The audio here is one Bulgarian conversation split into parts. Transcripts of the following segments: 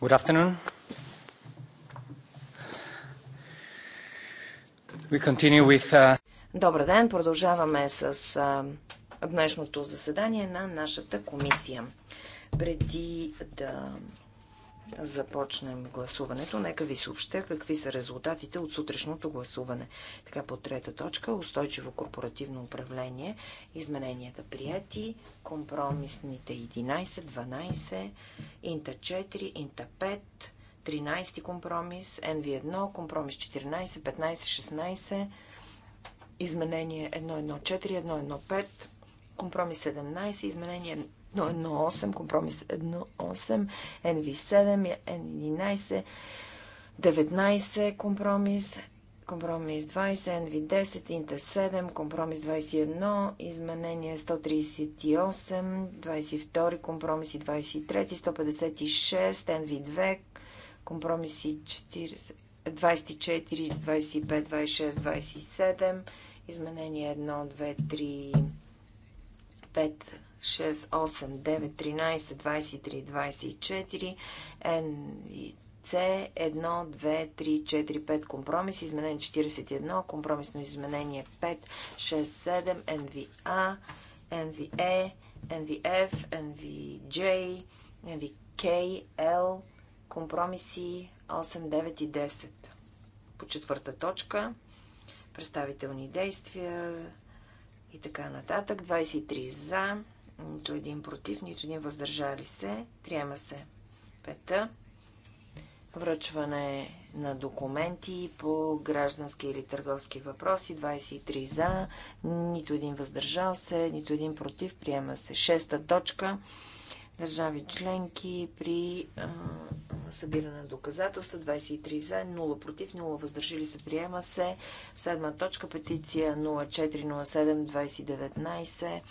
Good afternoon. We continue with, uh... Добър ден! Продължаваме с uh, днешното заседание на нашата комисия. Преди да започнем гласуването, нека ви съобщя какви са резултатите от сутрешното гласуване. Така по трета точка устойчиво корпоративно управление, измененията прияти, компромисните 11, 12, Инта 4, Инта 5, 13 компромис, NV1, компромис 14, 15, 16, изменение 114, 115, компромис 17, изменение 1.1.8, компромис 1.8, NV7, NV11, 19 компромис, компромис 20, NV10, Инта 7, компромис 21, изменение 138, 22 компромиси 23, 156, NV2, компромиси 40, 24, 25, 26, 27, изменение 1, 2, 3, 5, 6, 8, 9, 13, 23, 24, N и C, 1, 2, 3, 4, 5 компромис, изменение 41, компромисно изменение 5, 6, 7, NVA, NVE, NVF, NVJ, NVK, L, компромиси 8, 9 и 10. По четвърта точка, представителни действия и така нататък. 23 за, нито един против, нито един въздържали се. Приема се. Пета. Връчване на документи по граждански или търговски въпроси. 23 за, нито един въздържал се, нито един против. Приема се. Шеста точка. Държави членки при а, събиране на доказателства. 23 за, 0 против, 0 въздържали се. Приема се. Седма точка. Петиция 0407 2019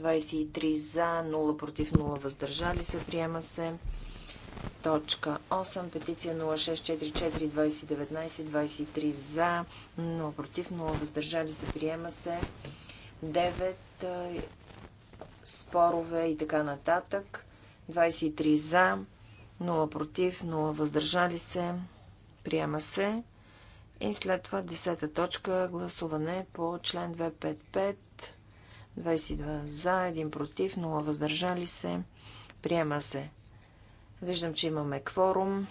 23 за, 0 против, 0 въздържали се. Приема се. Точка 8. Петиция 0644-2019-23 за, 0 против, 0 въздържали се. Приема се. 9 спорове и така нататък. 23 за, 0 против, 0 въздържали се. Приема се. И след това 10 точка гласуване по член 255 22 за, 1 против, 0 въздържали се. Приема се. Виждам, че имаме кворум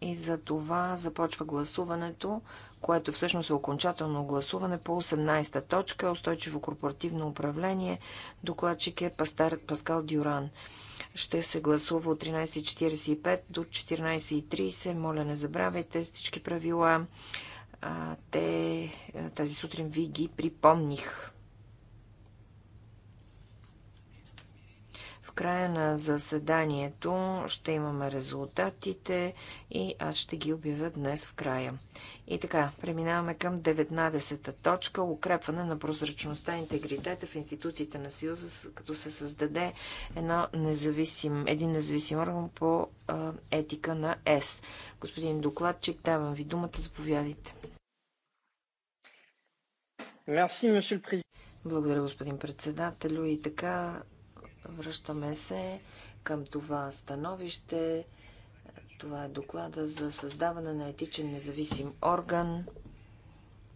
и за това започва гласуването, което всъщност е окончателно гласуване по 18-та точка Устойчиво корпоративно управление. Докладчик е Пастар, Паскал Дюран. Ще се гласува от 13.45 до 14.30. Моля, не забравяйте всички правила. те тази сутрин ви ги припомних. края на заседанието ще имаме резултатите и аз ще ги обявя днес в края. И така, преминаваме към 19-та точка укрепване на прозрачността и интегритета в институциите на Съюза, като се създаде едно независим, един независим орган по етика на ЕС. Господин докладчик, давам ви думата, заповядайте. Благодаря, господин председателю. И така, Връщаме се към това становище. Това е доклада за създаване на етичен независим орган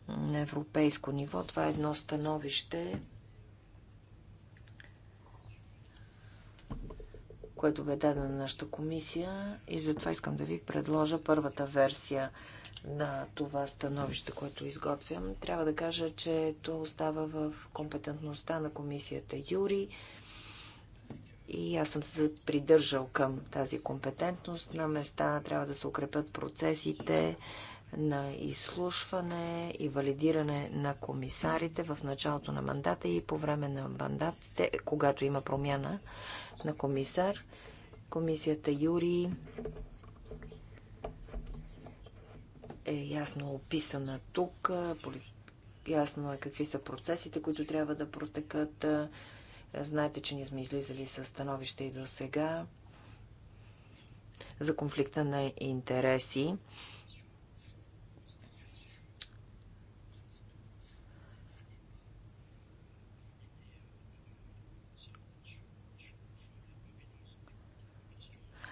на европейско ниво. Това е едно становище, което бе дадено на нашата комисия и затова искам да ви предложа първата версия на това становище, което изготвям. Трябва да кажа, че то остава в компетентността на комисията Юри. И аз съм се придържал към тази компетентност. На места трябва да се укрепят процесите на изслушване и валидиране на комисарите в началото на мандата и по време на мандатите, когато има промяна на комисар. Комисията Юри е ясно описана тук, ясно е какви са процесите, които трябва да протекат Знаете, че ние сме излизали с становище и до сега за конфликта на интереси.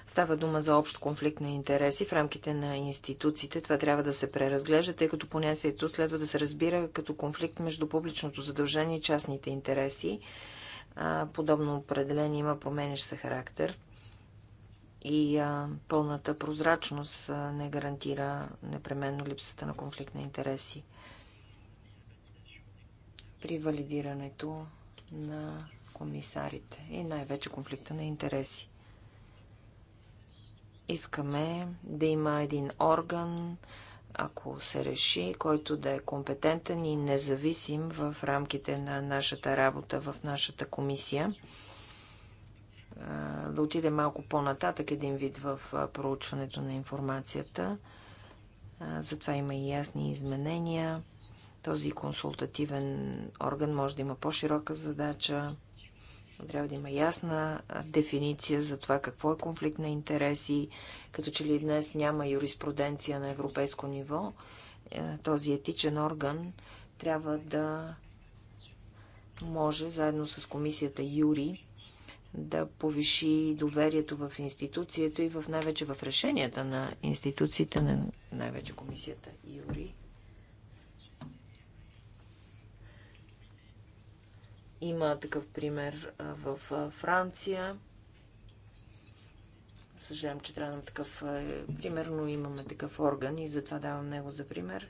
Става дума за общ конфликт на интереси в рамките на институциите. Това трябва да се преразглежда, тъй като понятието следва да се разбира като конфликт между публичното задължение и частните интереси а, подобно определение има променящ се характер и а, пълната прозрачност а, не гарантира непременно липсата на конфликт на интереси при валидирането на комисарите и най-вече конфликта на интереси. Искаме да има един орган, ако се реши, който да е компетентен и независим в рамките на нашата работа в нашата комисия. Да отиде малко по-нататък един вид в проучването на информацията. Затова има и ясни изменения. Този консултативен орган може да има по-широка задача трябва да има ясна дефиниция за това какво е конфликт на интереси. Като че ли днес няма юриспруденция на европейско ниво, е, този етичен орган трябва да може заедно с комисията Юри да повиши доверието в институцията и в най-вече в решенията на институциите, най-вече комисията Юри. Има такъв пример в Франция. Съжалявам, че трябва да такъв пример, но имаме такъв орган и затова давам него за пример.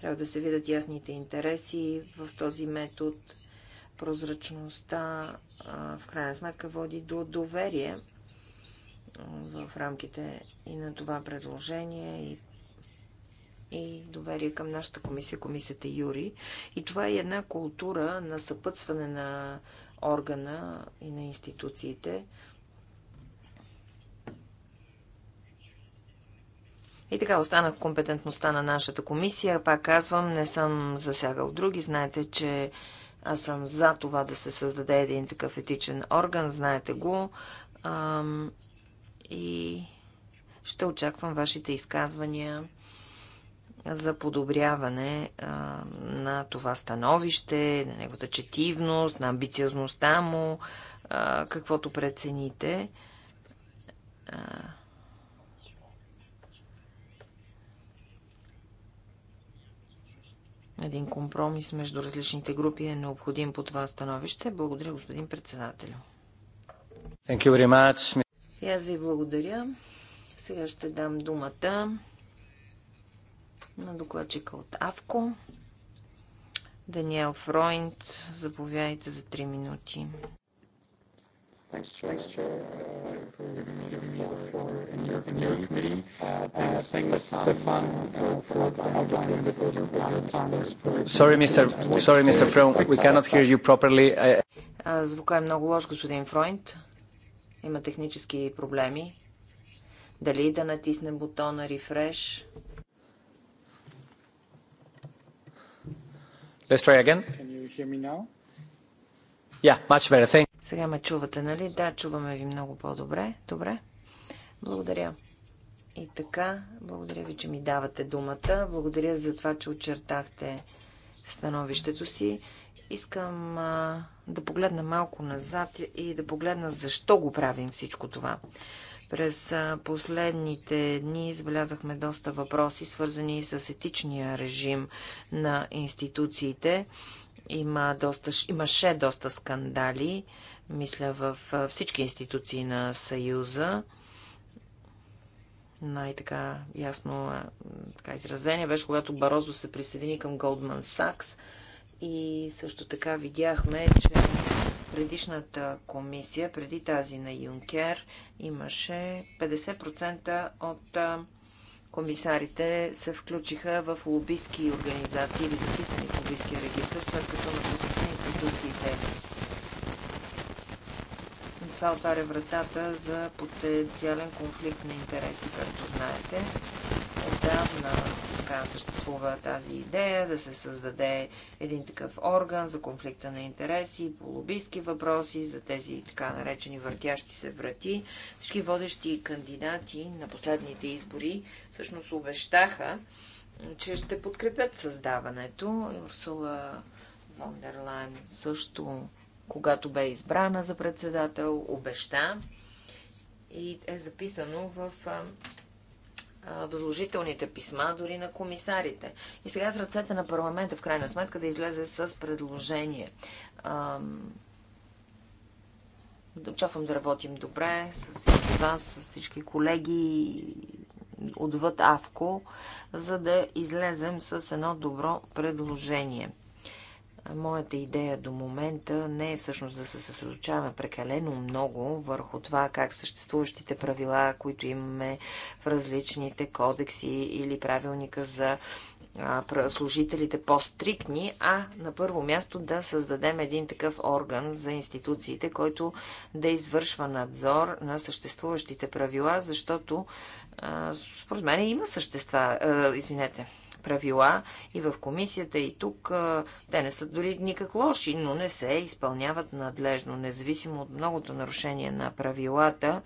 Трябва да се видят ясните интереси в този метод. Прозрачността в крайна сметка води до доверие в рамките и на това предложение и и доверие към нашата комисия, комисията Юри. И това е една култура на съпътстване на органа и на институциите. И така останах компетентността на нашата комисия. Пак казвам, не съм засягал други. Знаете, че аз съм за това да се създаде един такъв етичен орган. Знаете го. и ще очаквам вашите изказвания за подобряване а, на това становище, на неговата четивност, на амбициозността му, а, каквото прецените. А, един компромис между различните групи е необходим по това становище. Благодаря, господин председател. И аз ви благодаря. Сега ще дам думата на докладчика от АВКО. Даниел Фройнд, заповядайте за 3 минути. Thanks, Chair, for giving me the floor in your, in your committee. Uh, thanks, Stefan, for, for, for outlining the your plans for... Sorry, Mr. Sorry, Mr. Frohn, we cannot hear you properly. I... Звука е много лош, господин Фройнд. Има технически проблеми. Дали да натисне бутона Refresh? Let's try again. Can you hear me now? Yeah, much better. Thank Сега ме чувате, нали? Да, чуваме ви много по-добре. Добре. Благодаря. И така, благодаря ви, че ми давате думата. Благодаря за това, че очертахте становището си. Искам а, да погледна малко назад и да погледна защо го правим всичко това. През последните дни избелязахме доста въпроси, свързани с етичния режим на институциите. Има доста, имаше доста скандали, мисля, в всички институции на Съюза. Най-така ясно така изразение беше, когато Барозо се присъедини към Goldman Сакс. И също така видяхме, че предишната комисия, преди тази на Юнкер, имаше 50% от комисарите се включиха в лобистки организации или записани в лобистки регистр, след като напуснаха институциите. Това отваря вратата за потенциален конфликт на интереси, както знаете. Отдавна така съществува тази идея да се създаде един такъв орган за конфликта на интереси, по лобистки въпроси, за тези така наречени въртящи се врати. Всички водещи кандидати на последните избори всъщност обещаха, че ще подкрепят създаването. Урсула Вондерлайн също, когато бе избрана за председател, обеща и е записано в възложителните писма, дори на комисарите. И сега е в ръцете на парламента, в крайна сметка, да излезе с предложение. Очаквам да работим добре с всички вас, с всички колеги отвъд Авко, за да излезем с едно добро предложение. Моята идея до момента не е всъщност да се съсредоточаваме прекалено много върху това как съществуващите правила, които имаме в различните кодекси или правилника за служителите по-стрикни, а на първо място да създадем един такъв орган за институциите, който да извършва надзор на съществуващите правила, защото според мен има същества, извинете, правила и в комисията, и тук. Те не са дори никак лоши, но не се изпълняват надлежно, независимо от многото нарушение на правилата.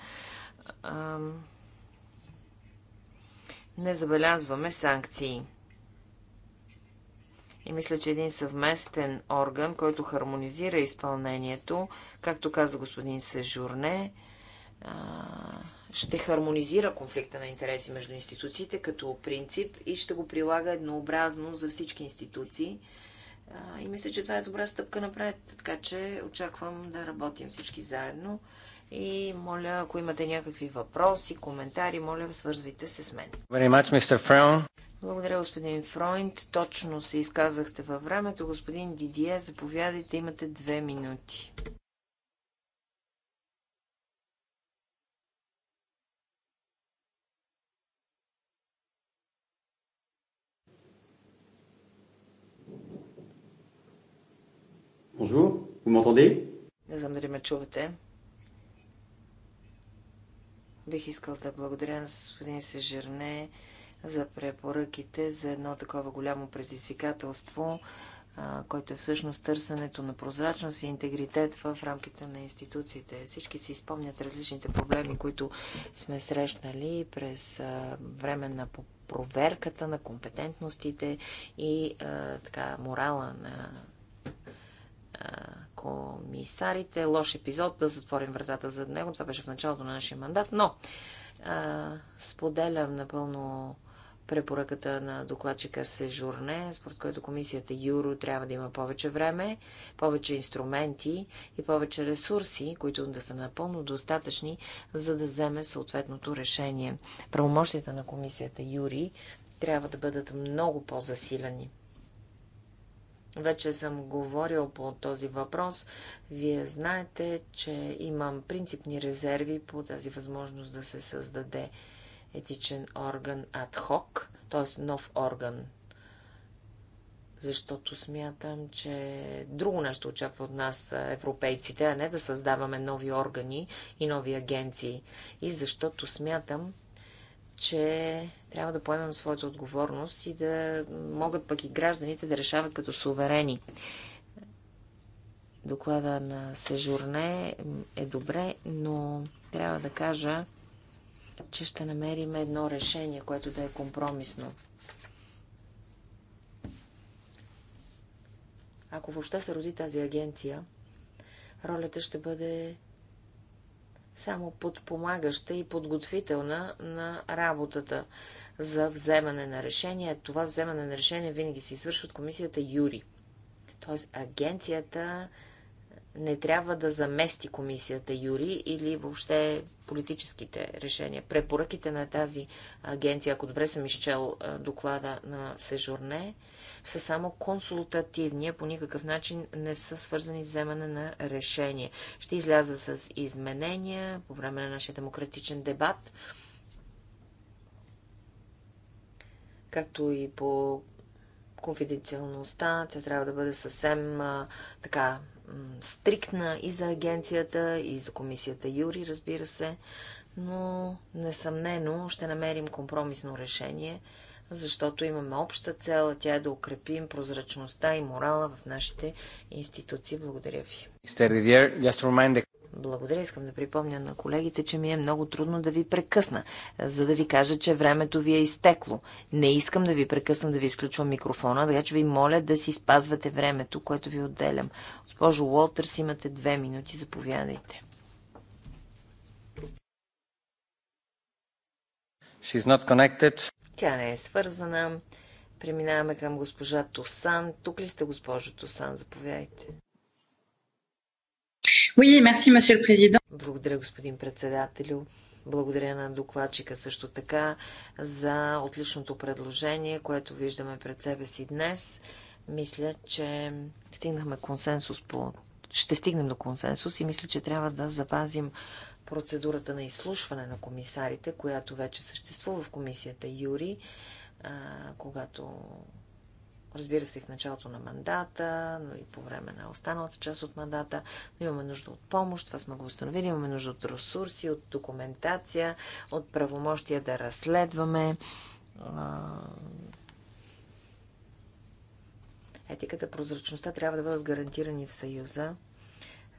Не забелязваме санкции. И мисля, че един съвместен орган, който хармонизира изпълнението, както каза господин Сежурне, ще хармонизира конфликта на интереси между институциите като принцип и ще го прилага еднообразно за всички институции. И мисля, че това е добра стъпка напред, така че очаквам да работим всички заедно. И моля, ако имате някакви въпроси, коментари, моля, свързвайте се с мен. Much, Благодаря, господин Фройнд. Точно се изказахте във времето. Господин Дидие, заповядайте, имате две минути. Bonjour, vous m'entendez? Не знам дали ме чувате. Бих искал да благодаря на господин Сежерне за препоръките за едно такова голямо предизвикателство, който е всъщност търсенето на прозрачност и интегритет в рамките на институциите. Всички си изпомнят различните проблеми, които сме срещнали през време на проверката на компетентностите и така морала на комисарите. Лош епизод да затворим вратата зад него. Това беше в началото на нашия мандат, но а, споделям напълно препоръката на докладчика Сежурне, според който комисията Юро трябва да има повече време, повече инструменти и повече ресурси, които да са напълно достатъчни, за да вземе съответното решение. Правомощите на комисията Юри трябва да бъдат много по-засилени. Вече съм говорил по този въпрос. Вие знаете, че имам принципни резерви по тази възможност да се създаде етичен орган адхок, т.е. нов орган. Защото смятам, че друго нещо очаква от нас европейците, а не да създаваме нови органи и нови агенции. И защото смятам, че трябва да поемем своята отговорност и да могат пък и гражданите да решават като суверени. Доклада на Сежурне е добре, но трябва да кажа, че ще намерим едно решение, което да е компромисно. Ако въобще се роди тази агенция, ролята ще бъде само подпомагаща и подготвителна на работата за вземане на решение. Това вземане на решение винаги се извършва от комисията Юри. Тоест агенцията не трябва да замести комисията Юри или въобще политическите решения. Препоръките на тази агенция, ако добре съм изчел е, доклада на Сежурне, са само консултативни, а по никакъв начин не са свързани с вземане на решение. Ще изляза с изменения по време на нашия демократичен дебат, както и по конфиденциалността. Тя трябва да бъде съвсем а, така стриктна и за агенцията, и за комисията Юри, разбира се, но несъмнено ще намерим компромисно решение – защото имаме обща цел, а тя е да укрепим прозрачността и морала в нашите институции. Благодаря ви. Благодаря. Искам да припомня на колегите, че ми е много трудно да ви прекъсна, за да ви кажа, че времето ви е изтекло. Не искам да ви прекъсна да ви изключвам микрофона, така че ви моля да си спазвате времето, което ви отделям. Госпожо Уолтърс, имате две минути, заповядайте. She's not connected. Тя не е свързана. Преминаваме към госпожа Тосан. Тук ли сте, госпожо Тосан? Заповядайте. Благодаря, господин председателю. Благодаря на докладчика също така за отличното предложение, което виждаме пред себе си днес. Мисля, че стигнахме консенсус по... Ще стигнем до консенсус и мисля, че трябва да запазим процедурата на изслушване на комисарите, която вече съществува в комисията Юри, когато разбира се, и в началото на мандата, но и по време на останалата част от мандата. Но имаме нужда от помощ, това сме го установили, имаме нужда от ресурси, от документация, от правомощия да разследваме. Етиката, прозрачността трябва да бъдат гарантирани в Съюза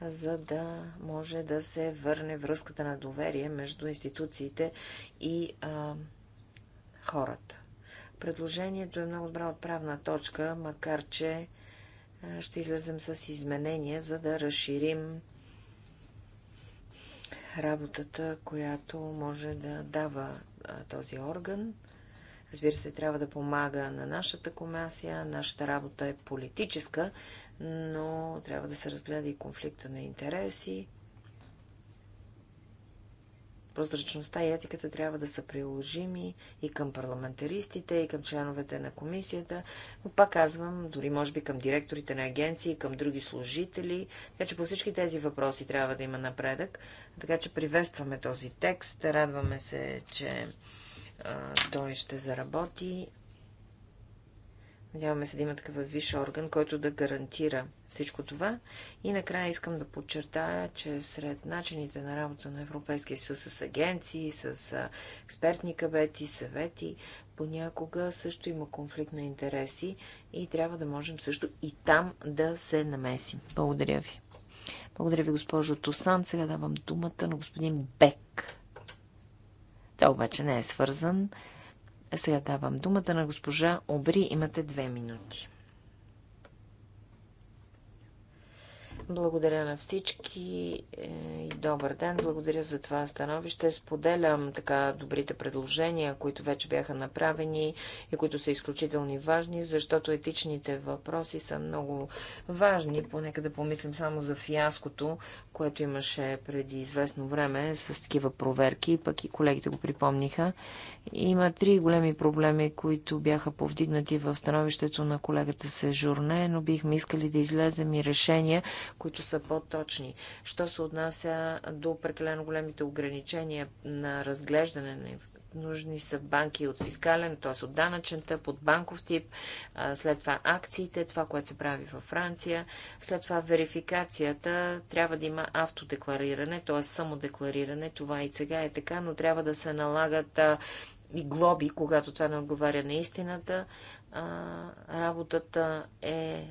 за да може да се върне връзката на доверие между институциите и а, хората. Предложението е много добра отправна точка, макар че ще излезем с изменения, за да разширим работата, която може да дава този орган. Разбира се, трябва да помага на нашата комисия. Нашата работа е политическа, но трябва да се разгледа и конфликта на интереси. Прозрачността и етиката трябва да са приложими и към парламентаристите, и към членовете на комисията, но пак казвам, дори може би към директорите на агенции, към други служители. Така че по всички тези въпроси трябва да има напредък. Така че приветстваме този текст. Радваме се, че а, той ще заработи Надяваме се да има такъв висш орган, който да гарантира всичко това. И накрая искам да подчертая, че сред начините на работа на Европейския съюз с агенции, с експертни кабети, съвети, понякога също има конфликт на интереси и трябва да можем също и там да се намесим. Благодаря ви. Благодаря ви, госпожо Тосан. Сега давам думата на господин Бек. Той обаче не е свързан сега давам думата на госпожа Обри. Имате две минути. Благодаря на всички е, и добър ден. Благодаря за това становище. Споделям така добрите предложения, които вече бяха направени и които са изключително важни, защото етичните въпроси са много важни. Понека да помислим само за фиаското, което имаше преди известно време с такива проверки, пък и колегите го припомниха. Има три големи проблеми, които бяха повдигнати в становището на колегата Сежурне, но бихме искали да излезем и решения, които са по-точни. Що се отнася до прекалено големите ограничения на разглеждане на нужни са банки от фискален, т.е. от данъчен тъп, от банков тип, след това акциите, това, което се прави във Франция, след това верификацията, трябва да има автодеклариране, т.е. самодеклариране, това и сега е така, но трябва да се налагат и глоби, когато това не отговаря на истината. Работата е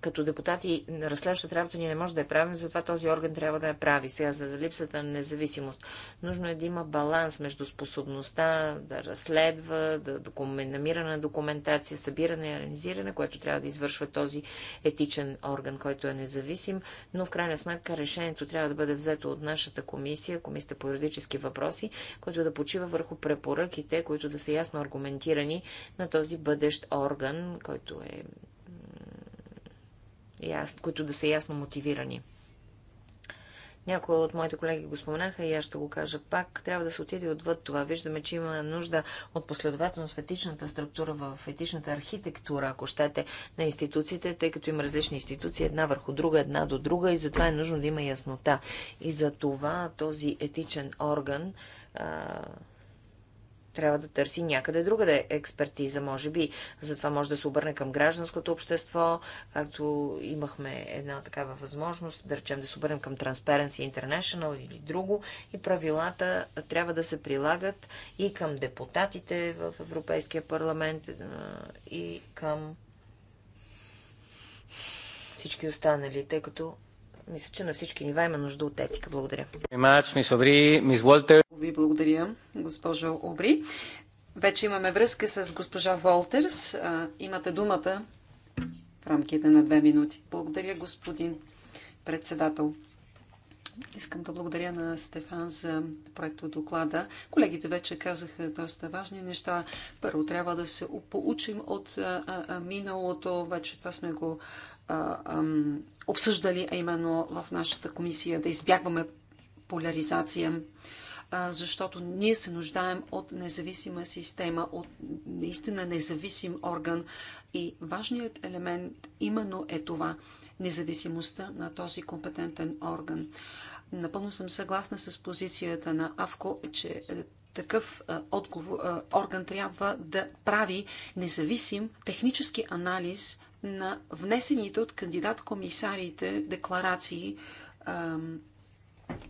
като депутати на разследващата работа ние не може да я правим, затова този орган трябва да я прави. Сега за липсата на независимост. Нужно е да има баланс между способността да разследва, да документ, намиране на документация, събиране и анализиране, което трябва да извършва този етичен орган, който е независим, но в крайна сметка решението трябва да бъде взето от нашата комисия, комисията по юридически въпроси, който да почива върху препоръките, които да са ясно аргументирани на този бъдещ орган, който е които да са ясно мотивирани. Някои от моите колеги го споменаха и аз ще го кажа пак. Трябва да се отиде отвъд това. Виждаме, че има нужда от последователност в етичната структура, в етичната архитектура, ако щете, на институциите, тъй като има различни институции, една върху друга, една до друга и затова е нужно да има яснота. И за това този етичен орган а, трябва да търси някъде другаде експертиза, може би. Затова може да се обърне към гражданското общество, както имахме една такава възможност, да речем да се обърнем към Transparency International или друго. И правилата трябва да се прилагат и към депутатите в Европейския парламент, и към всички останали, тъй като мисля, че на всички нива има нужда от етика. Благодаря. Ви благодаря, госпожо Обри. Вече имаме връзка с госпожа Волтерс. Имате думата в рамките на две минути. Благодаря, господин председател. Искам да благодаря на Стефан за проекто доклада. Колегите вече казаха доста важни неща. Първо трябва да се поучим от миналото. Вече това сме го обсъждали, а именно в нашата комисия, да избягваме поляризация, защото ние се нуждаем от независима система, от наистина независим орган. И важният елемент именно е това независимостта на този компетентен орган. Напълно съм съгласна с позицията на АВКО, че е, такъв е, отговор, е, орган трябва да прави независим технически анализ на внесените от кандидат-комисарите декларации а,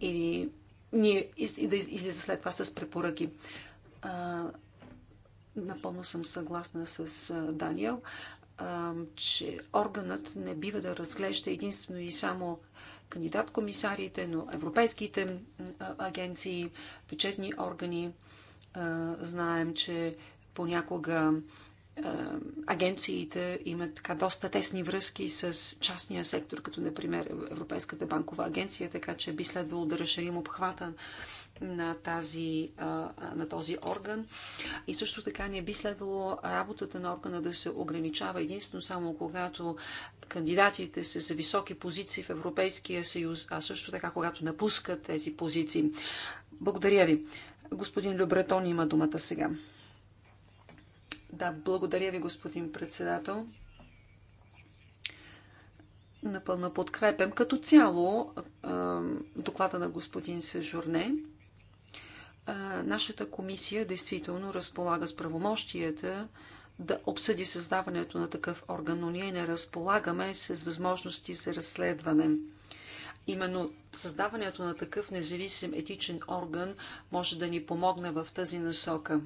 и, ние, и да излиза след това с препоръки. А, напълно съм съгласна с Даниел, а, че органът не бива да разглежда единствено и само кандидат-комисарите, но европейските агенции, бюджетни органи. Знаем, че понякога е, агенциите имат така доста тесни връзки с частния сектор, като например Европейската банкова агенция, така че би следвало да разширим обхвата на, тази, на този орган. И също така не би следвало работата на органа да се ограничава единствено само когато кандидатите са за високи позиции в Европейския съюз, а също така когато напускат тези позиции. Благодаря ви. Господин Любретон има думата сега. Да, благодаря ви, господин председател. Напълно подкрепям като цяло доклада на господин Сежурне. Нашата комисия действително разполага с правомощията да обсъди създаването на такъв орган, но ние не разполагаме с възможности за разследване. Именно създаването на такъв независим етичен орган може да ни помогне в тази насока.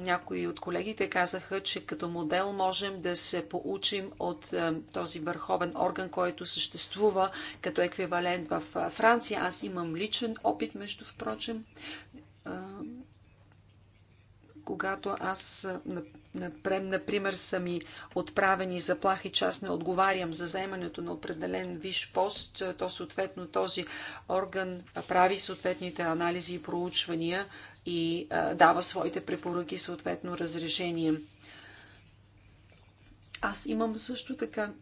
Някои от колегите казаха, че като модел можем да се получим от е, този върховен орган, който съществува като еквивалент в е, Франция. Аз имам личен опит, между впрочем. Е, когато аз, например, са ми отправени заплахи, че аз не отговарям за заемането на определен виш пост, то съответно този орган прави съответните анализи и проучвания и а, дава своите препоръки, съответно разрешение. Аз имам също така,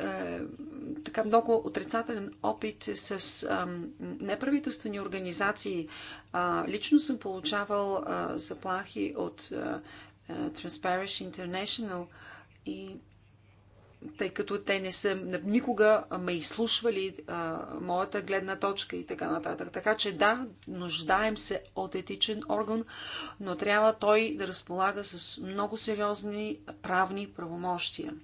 е, така много отрицателен опит с неправителствени организации. лично съм получавал заплахи от е, Transparency International и тъй като те не са никога ме изслушвали а, моята гледна точка и така нататък. Така че да, нуждаем се от етичен орган, но трябва той да разполага с много сериозни правни правомощия.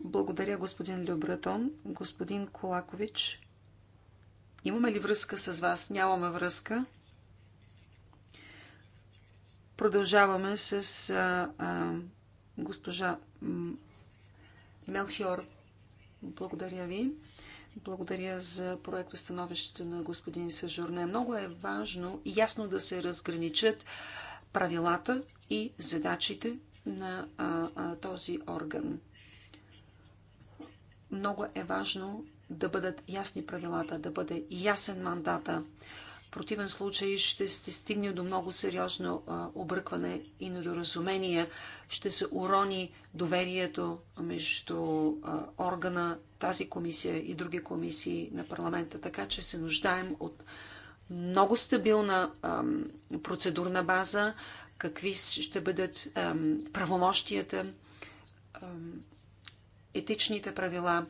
Благодаря, господин Любратон. Господин Колакович, имаме ли връзка с вас? Нямаме връзка. Продължаваме с а, а, госпожа Мелхиор. Благодаря ви. Благодаря за проекто становището на господин Съжурне. Много е важно и ясно да се разграничат правилата и задачите на а, а, този орган. Много е важно да бъдат ясни правилата, да бъде ясен мандата противен случай ще се стигне до много сериозно объркване и недоразумение. Ще се урони доверието между органа, тази комисия и други комисии на парламента. Така че се нуждаем от много стабилна процедурна база, какви ще бъдат правомощията, етичните правила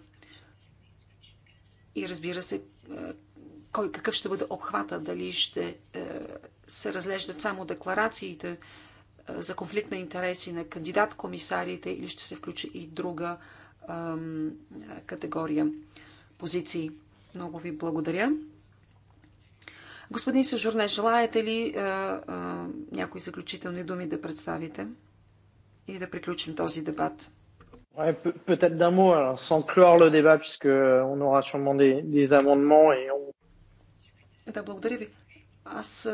и разбира се, кой, какъв ще бъде обхвата, дали ще е, се разглеждат само декларациите е, за конфликт на интереси на кандидат-комисарите или ще се включи и друга категория позиции. Много ви благодаря. Господин Сежурне, желаете ли е, е, някои заключителни думи да представите и да приключим този дебат? Ouais, peut-être d'un mot, alors, sans clore le débat, puisqu'on euh, aura sûrement des, des amendements et on да, благодаря ви. Аз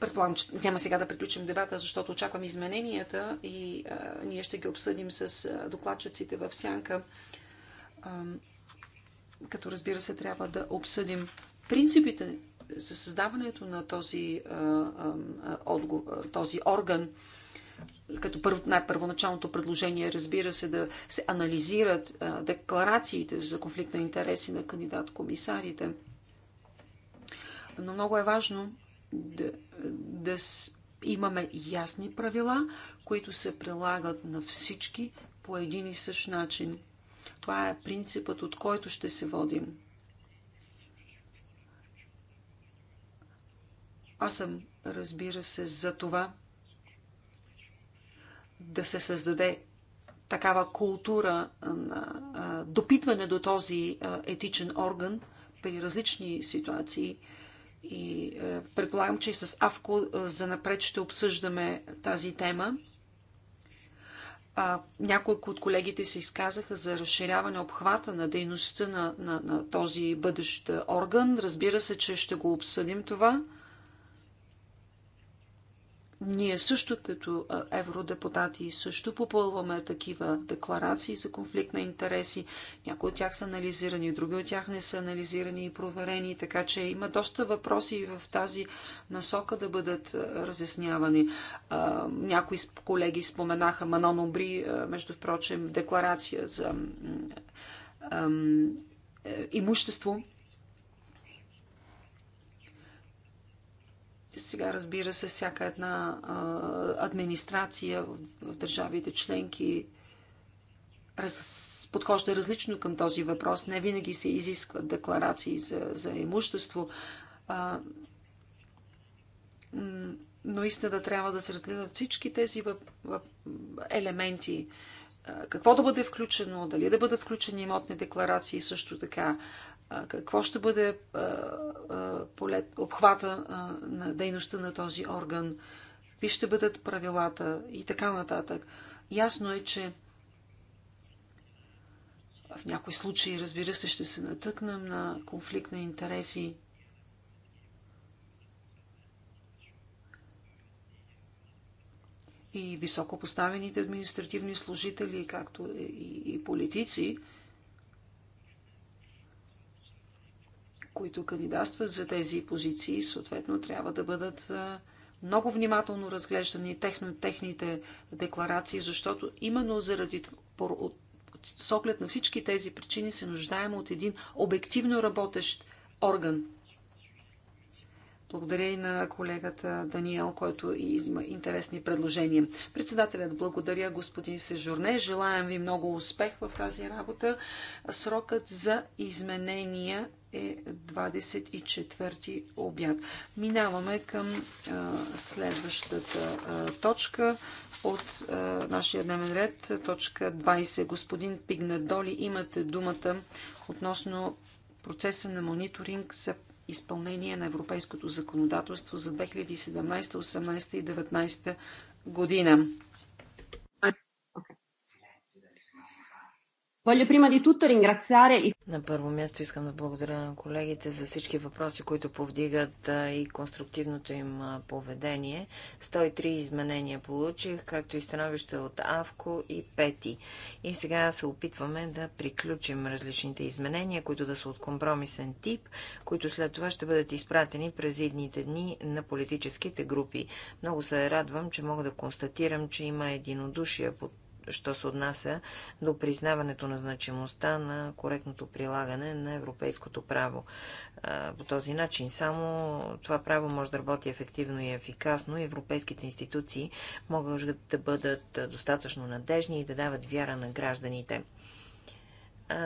предполагам, че няма сега да приключим дебата, защото очакваме измененията и а, ние ще ги обсъдим с докладчиците в сянка. А, като разбира се, трябва да обсъдим принципите за създаването на този, а, този орган. Като първо, най-първоначалното предложение, разбира се, да се анализират декларациите за конфликт на интереси на кандидат-комисарите – но много е важно да, да имаме ясни правила, които се прилагат на всички по един и същ начин. Това е принципът, от който ще се водим. Аз съм, разбира се, за това да се създаде такава култура на допитване до този етичен орган при различни ситуации – и е, предполагам, че и с Авко е, за напред ще обсъждаме тази тема. няколко от колегите се изказаха за разширяване обхвата на дейността на, на, на този бъдещ е, орган. Разбира се, че ще го обсъдим това. Ние също като евродепутати също попълваме такива декларации за конфликт на интереси. Някои от тях са анализирани, други от тях не са анализирани и проверени, така че има доста въпроси в тази насока да бъдат разяснявани. Някои колеги споменаха Манон Обри, между впрочем, декларация за е, имущество, Сега, разбира се, всяка една администрация в държавите членки раз, подхожда различно към този въпрос. Не винаги се изискват декларации за, за имущество. А, но истина трябва да се разгледат всички тези въп, въп, елементи. А, какво да бъде включено, дали да бъдат включени имотни декларации също така, какво ще бъде полет, обхвата на дейността на този орган, какви ще бъдат правилата и така нататък. Ясно е, че в някои случаи, разбира се, ще се натъкнем на конфликт на интереси. И високопоставените административни служители, както и политици, които кандидатстват за тези позиции, съответно трябва да бъдат много внимателно разглеждани техно, техните декларации, защото именно заради с оглед на всички тези причини се нуждаем от един обективно работещ орган. Благодаря и на колегата Даниел, който има интересни предложения. Председателят благодаря господин Сежурне. Желаем ви много успех в тази работа. Срокът за изменения е 24 обяд. Минаваме към а, следващата а, точка от а, нашия дневен ред, точка 20. Господин Пигнадоли, имате думата относно процеса на мониторинг за изпълнение на европейското законодателство за 2017, 2018 и 2019 година. На първо място искам да благодаря на колегите за всички въпроси, които повдигат и конструктивното им поведение. 103 изменения получих, както и становище от Авко и Пети. И сега се опитваме да приключим различните изменения, които да са от компромисен тип, които след това ще бъдат изпратени през идните дни на политическите групи. Много се радвам, че мога да констатирам, че има единодушие под що се отнася до признаването на значимостта на коректното прилагане на европейското право. По този начин само това право може да работи ефективно и ефикасно. и Европейските институции могат да бъдат достатъчно надежни и да дават вяра на гражданите.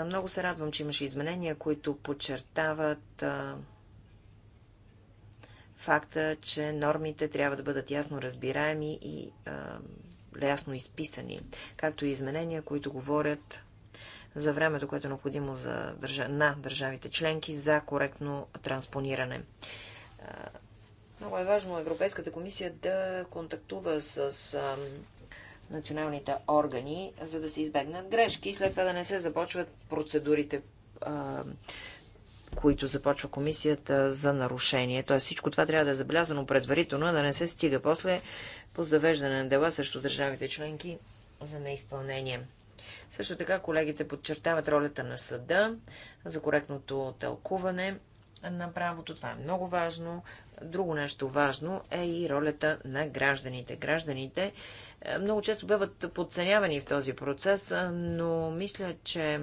Много се радвам, че имаше изменения, които подчертават факта, че нормите трябва да бъдат ясно разбираеми и а, лясно изписани, както и изменения, които говорят за времето, което е необходимо за държа... на държавите членки за коректно транспониране. Много е важно Европейската комисия да контактува с националните органи, за да се избегнат грешки и след това да не се започват процедурите, които започва комисията за нарушение. Тоест всичко това трябва да е забелязано предварително, да не се стига после по завеждане на дела срещу държавите членки за неизпълнение. Също така колегите подчертават ролята на съда за коректното тълкуване на правото. Това е много важно. Друго нещо важно е и ролята на гражданите. Гражданите е, много често биват подценявани в този процес, е, но мисля, че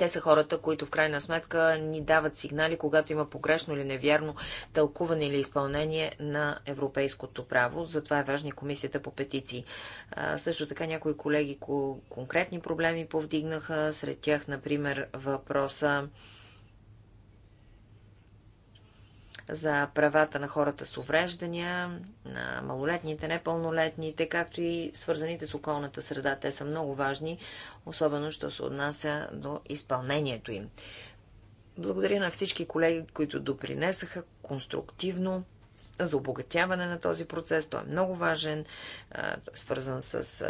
те са хората, които в крайна сметка ни дават сигнали, когато има погрешно или невярно тълкуване или изпълнение на европейското право. Затова е важна и комисията по петиции. А, също така някои колеги конкретни проблеми повдигнаха, сред тях, например, въпроса за правата на хората с увреждания, на малолетните, непълнолетните, както и свързаните с околната среда. Те са много важни, особено що се отнася до изпълнението им. Благодаря на всички колеги, които допринесаха конструктивно за обогатяване на този процес. Той е много важен, е свързан с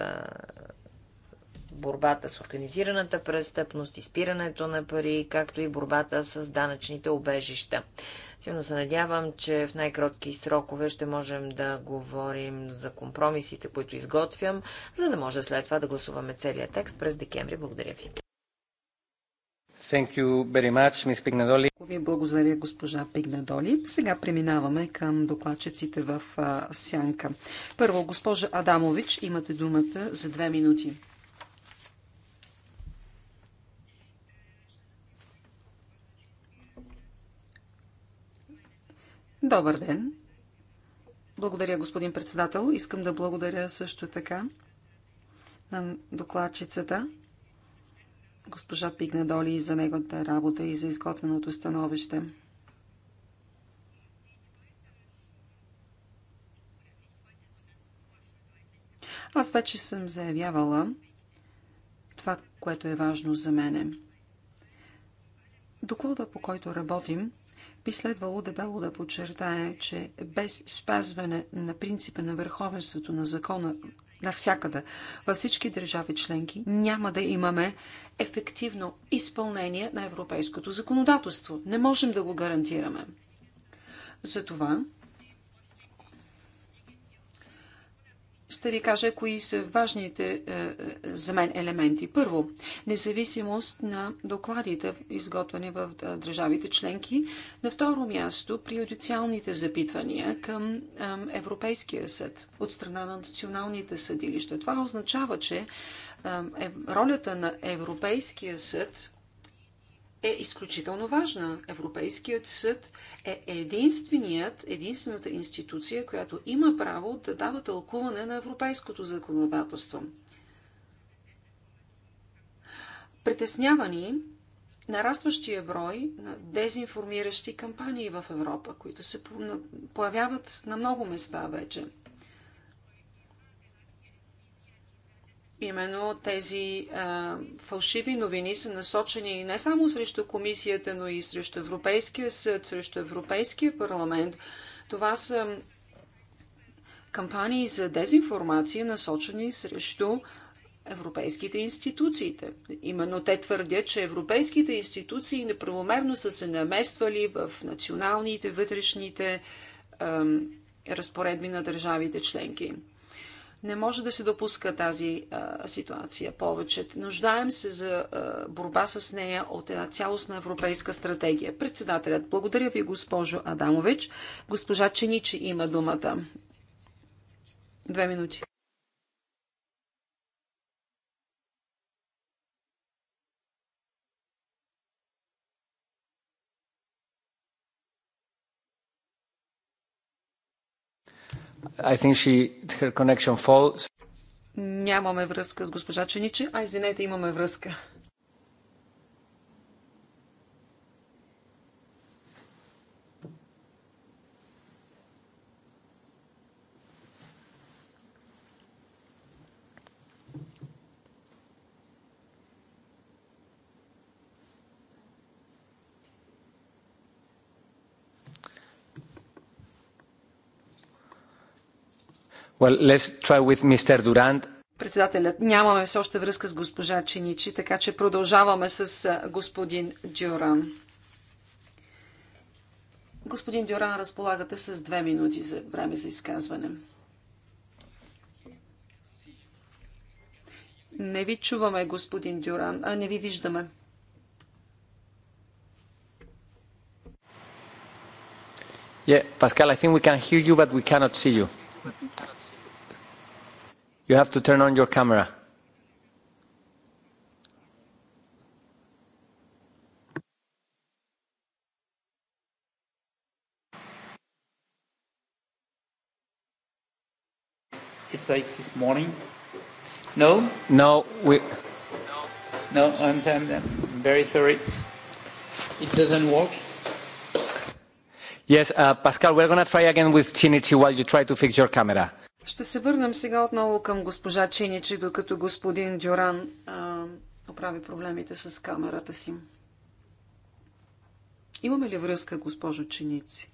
борбата с организираната престъпност, изпирането на пари, както и борбата с данъчните обежища. Силно се надявам, че в най-кротки срокове ще можем да говорим за компромисите, които изготвям, за да може след това да гласуваме целия текст през декември. Благодаря ви. Thank you very much, Ms. Pignadoli. Ви благодаря, госпожа Пигнадоли. Сега преминаваме към докладчиците в Сянка. Първо, госпожа Адамович, имате думата за две минути. Добър ден! Благодаря, господин председател. Искам да благодаря също така на докладчицата, госпожа Пигнадоли, за неговата работа и за изготвеното становище. Аз вече съм заявявала това, което е важно за мене. Доклада, по който работим, би следвало дебело да подчертая, че без спазване на принципа на върховенството на закона навсякъде, във всички държави членки, няма да имаме ефективно изпълнение на европейското законодателство. Не можем да го гарантираме. Затова ще ви кажа кои са важните е, е, за мен елементи. Първо, независимост на докладите, изготвени в е, държавите членки. На второ място, приодициалните запитвания към Европейския съд от страна на националните съдилища. Това означава, че ролята на Европейския съд е изключително важна. Европейският съд е единственият, единствената институция, която има право да дава тълкуване на европейското законодателство. Притеснява ни нарастващия брой на дезинформиращи кампании в Европа, които се появяват на много места вече – Именно тези а, фалшиви новини са насочени не само срещу комисията, но и срещу Европейския съд, срещу Европейския парламент. Това са кампании за дезинформация, насочени срещу европейските институции. Именно те твърдят, че европейските институции неправомерно са се намествали в националните, вътрешните ам, разпоредби на държавите членки. Не може да се допуска тази а, ситуация повече. Нуждаем се за а, борба с нея от една цялостна европейска стратегия. Председателят, благодаря ви, госпожо Адамович. Госпожа Ченичи има думата. Две минути. I think she, her connection falls. Нямаме връзка с госпожа Ченичи. А, извинете, имаме връзка. Well, let's try with Mr. Председателят, нямаме все още връзка с госпожа Чиничи, така че продължаваме с господин Дюран. Господин Дюран, разполагате с две минути за време за изказване. Не ви чуваме, господин Дюран. А, не ви виждаме. Yeah, Pascal, I think we can hear you, but we cannot see you. You have to turn on your camera. It's like this morning. No? No, we. No, I'm, I'm, I'm very sorry. It doesn't work. Yes, uh, Pascal, we're going to try again with Chinichi while you try to fix your camera. Ще се върнем сега отново към госпожа Чиничи, докато господин Дюран а, оправи проблемите с камерата си. Имаме ли връзка, госпожо Чиници?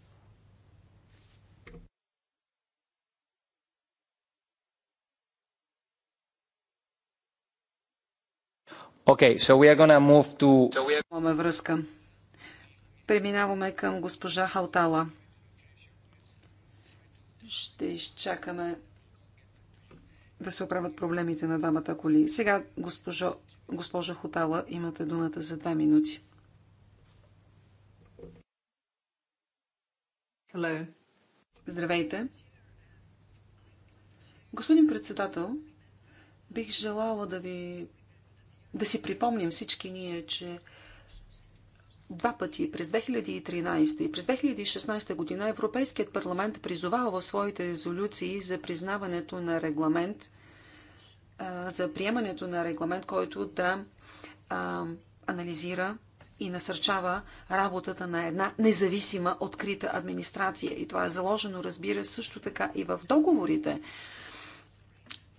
Okay, so we are gonna move to... Имаме връзка. Преминаваме към госпожа Халтала. Ще изчакаме да се оправят проблемите на двамата коли. Сега, госпожо, госпожо Хотала, имате думата за две минути. Hello. Здравейте. Господин председател, бих желала да ви да си припомним всички ние, че два пъти през 2013 и през 2016 година Европейският парламент е призовава в своите резолюции за признаването на регламент, за приемането на регламент, който да анализира и насърчава работата на една независима, открита администрация. И това е заложено, разбира, също така и в договорите,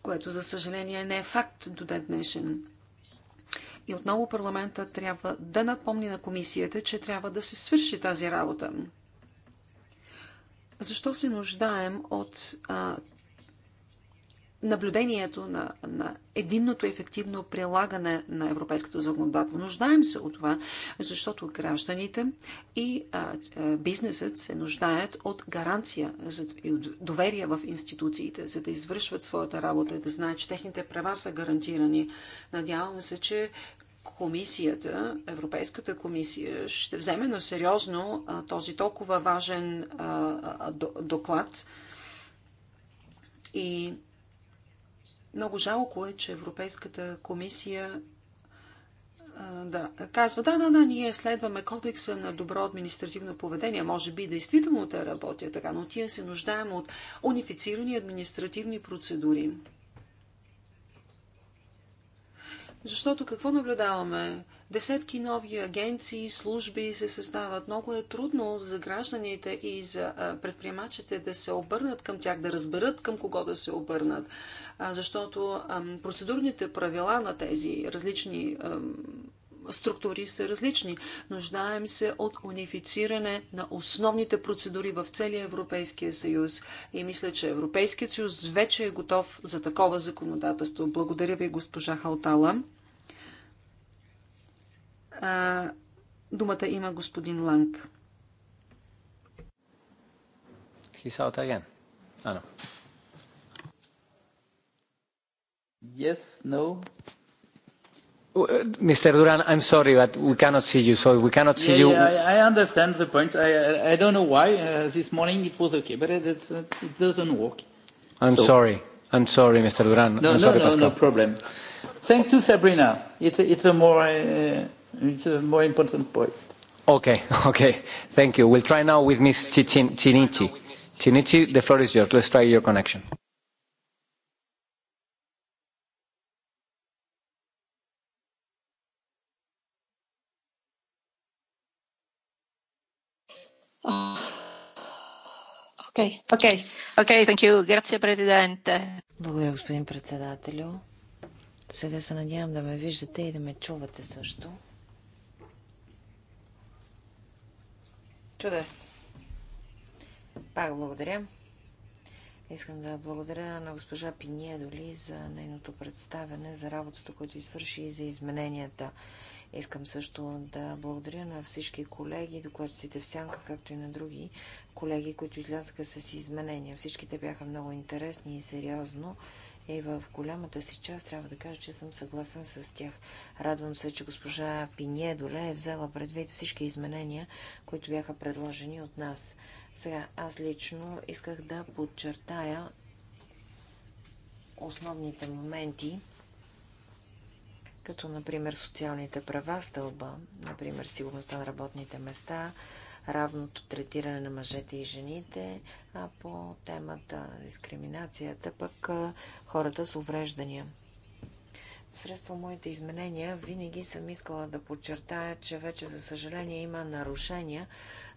което, за съжаление, не е факт до ден днешен. И отново парламента трябва да напомни на комисията, че трябва да се свърши тази работа. Защо се нуждаем от а, наблюдението на, на единното ефективно прилагане на европейското законодателство. Нуждаем се от това, защото гражданите и а, а, бизнесът се нуждаят от гаранция за, и от доверие в институциите, за да извършват своята работа и да знаят, че техните права са гарантирани. Надявам се, че комисията, Европейската комисия ще вземе на сериозно този толкова важен доклад. И много жалко е, че Европейската комисия да, казва, да, да, да, ние следваме кодекса на добро административно поведение. Може би действително те работят така, но тия се нуждаем от унифицирани административни процедури. Защото какво наблюдаваме? Десетки нови агенции, служби се създават. Много е трудно за гражданите и за предприемачите да се обърнат към тях, да разберат към кого да се обърнат. Защото процедурните правила на тези различни структури са различни. Нуждаем се от унифициране на основните процедури в целия Европейския съюз. И мисля, че Европейският съюз вече е готов за такова законодателство. Благодаря ви, госпожа Халтала. Думата има господин Ланг. Ано. Yes, no. Mr. Duran, I'm sorry, but we cannot see you, so we cannot see yeah, you. Yeah, I, I understand the point. I, I don't know why. Uh, this morning it was okay, but it, uh, it doesn't work. I'm so. sorry. I'm sorry, Mr. Duran. No, I'm no, sorry, no, Pascal. no problem. Thanks to Sabrina. It's, it's, a more, uh, it's a more important point. Okay, okay. Thank you. We'll try now with Ms. Chinichi. Chinichi, the floor is yours. Let's try your connection. Окей, окей, окей, thank you. Grazie, президенте. Благодаря, господин председателю. Сега се надявам да ме виждате и да ме чувате също. Чудесно. Пак благодаря. Искам да благодаря на госпожа Пиниедоли за нейното представяне, за работата, която извърши и за измененията. Искам също да благодаря на всички колеги, докладчиците в сянка, както и на други колеги, които излязаха с изменения. Всичките бяха много интересни и сериозно и в голямата си част трябва да кажа, че съм съгласен с тях. Радвам се, че госпожа Пиньедоле е взела предвид всички изменения, които бяха предложени от нас. Сега, аз лично исках да подчертая основните моменти, като например социалните права стълба, например сигурността на работните места, равното третиране на мъжете и жените, а по темата дискриминацията пък хората с увреждания. Посредство моите изменения винаги съм искала да подчертая, че вече за съжаление има нарушения,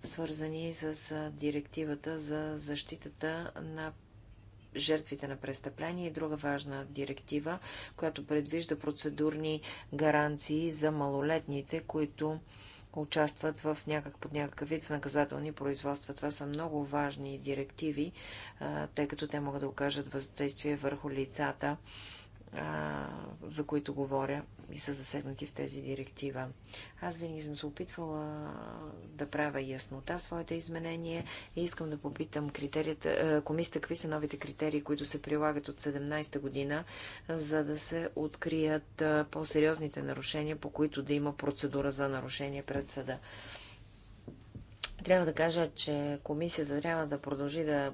свързани с директивата за защитата на жертвите на престъпления и друга важна директива, която предвижда процедурни гаранции за малолетните, които участват в някак, под някакъв вид в наказателни производства. Това са много важни директиви, тъй като те могат да окажат въздействие върху лицата, за които говоря и са засегнати в тези директива. Аз винаги съм се опитвала да правя яснота своите изменения и искам да попитам комисията какви са новите критерии, които се прилагат от 17-та година, за да се открият по-сериозните нарушения, по които да има процедура за нарушение пред съда. Трябва да кажа, че комисията трябва да продължи да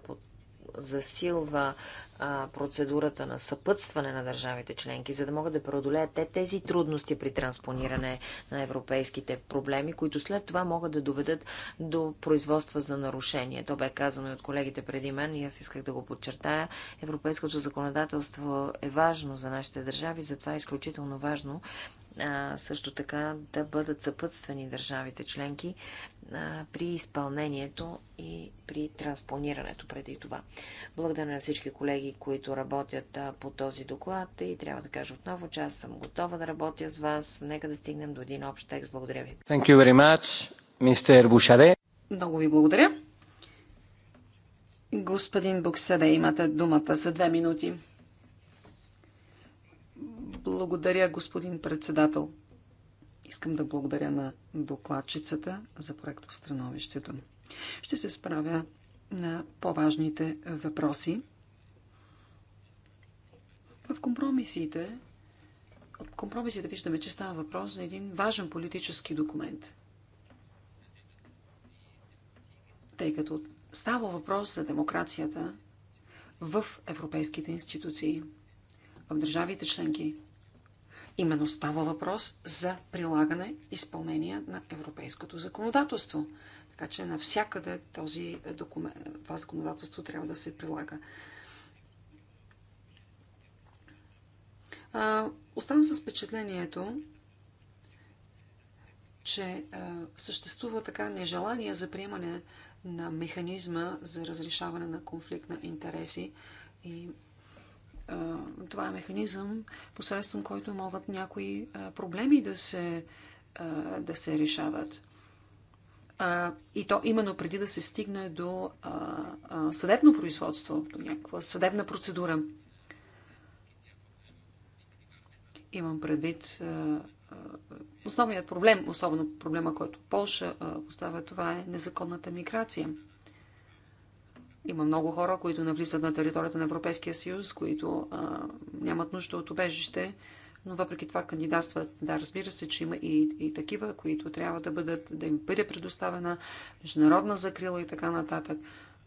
засилва а, процедурата на съпътстване на държавите членки, за да могат да преодолеят те тези трудности при транспониране на европейските проблеми, които след това могат да доведат до производства за нарушение. То бе казано и от колегите преди мен и аз исках да го подчертая. Европейското законодателство е важно за нашите държави, затова е изключително важно а, също така да бъдат съпътствани държавите членки при изпълнението и при транспонирането преди това. Благодаря на всички колеги, които работят по този доклад и трябва да кажа отново, че аз съм готова да работя с вас. Нека да стигнем до един общ текст. Благодаря ви. Thank you very much, Mr. Bouchardet. Много ви благодаря. Господин Буксаде, имате думата за две минути. Благодаря, господин председател. Искам да благодаря на докладчицата за проектостановището. Ще се справя на по-важните въпроси. В компромисите, от компромисите виждаме, че става въпрос за един важен политически документ. Тъй като става въпрос за демокрацията в европейските институции, в държавите членки, Именно става въпрос за прилагане, изпълнение на европейското законодателство. Така че навсякъде този е, документ, това законодателство трябва да се прилага. Оставам с впечатлението, че е, съществува така нежелание за приемане на механизма за разрешаване на конфликт на интереси и това е механизъм, посредством който могат някои проблеми да се, да се решават. И то именно преди да се стигне до съдебно производство, до някаква съдебна процедура. Имам предвид основният проблем, особено проблема, който Польша поставя, това е незаконната миграция – има много хора, които навлизат на територията на Европейския съюз, които а, нямат нужда от обежище, но въпреки това кандидатстват. Да, разбира се, че има и, и такива, които трябва да, бъдат, да им бъде предоставена международна закрила и така нататък.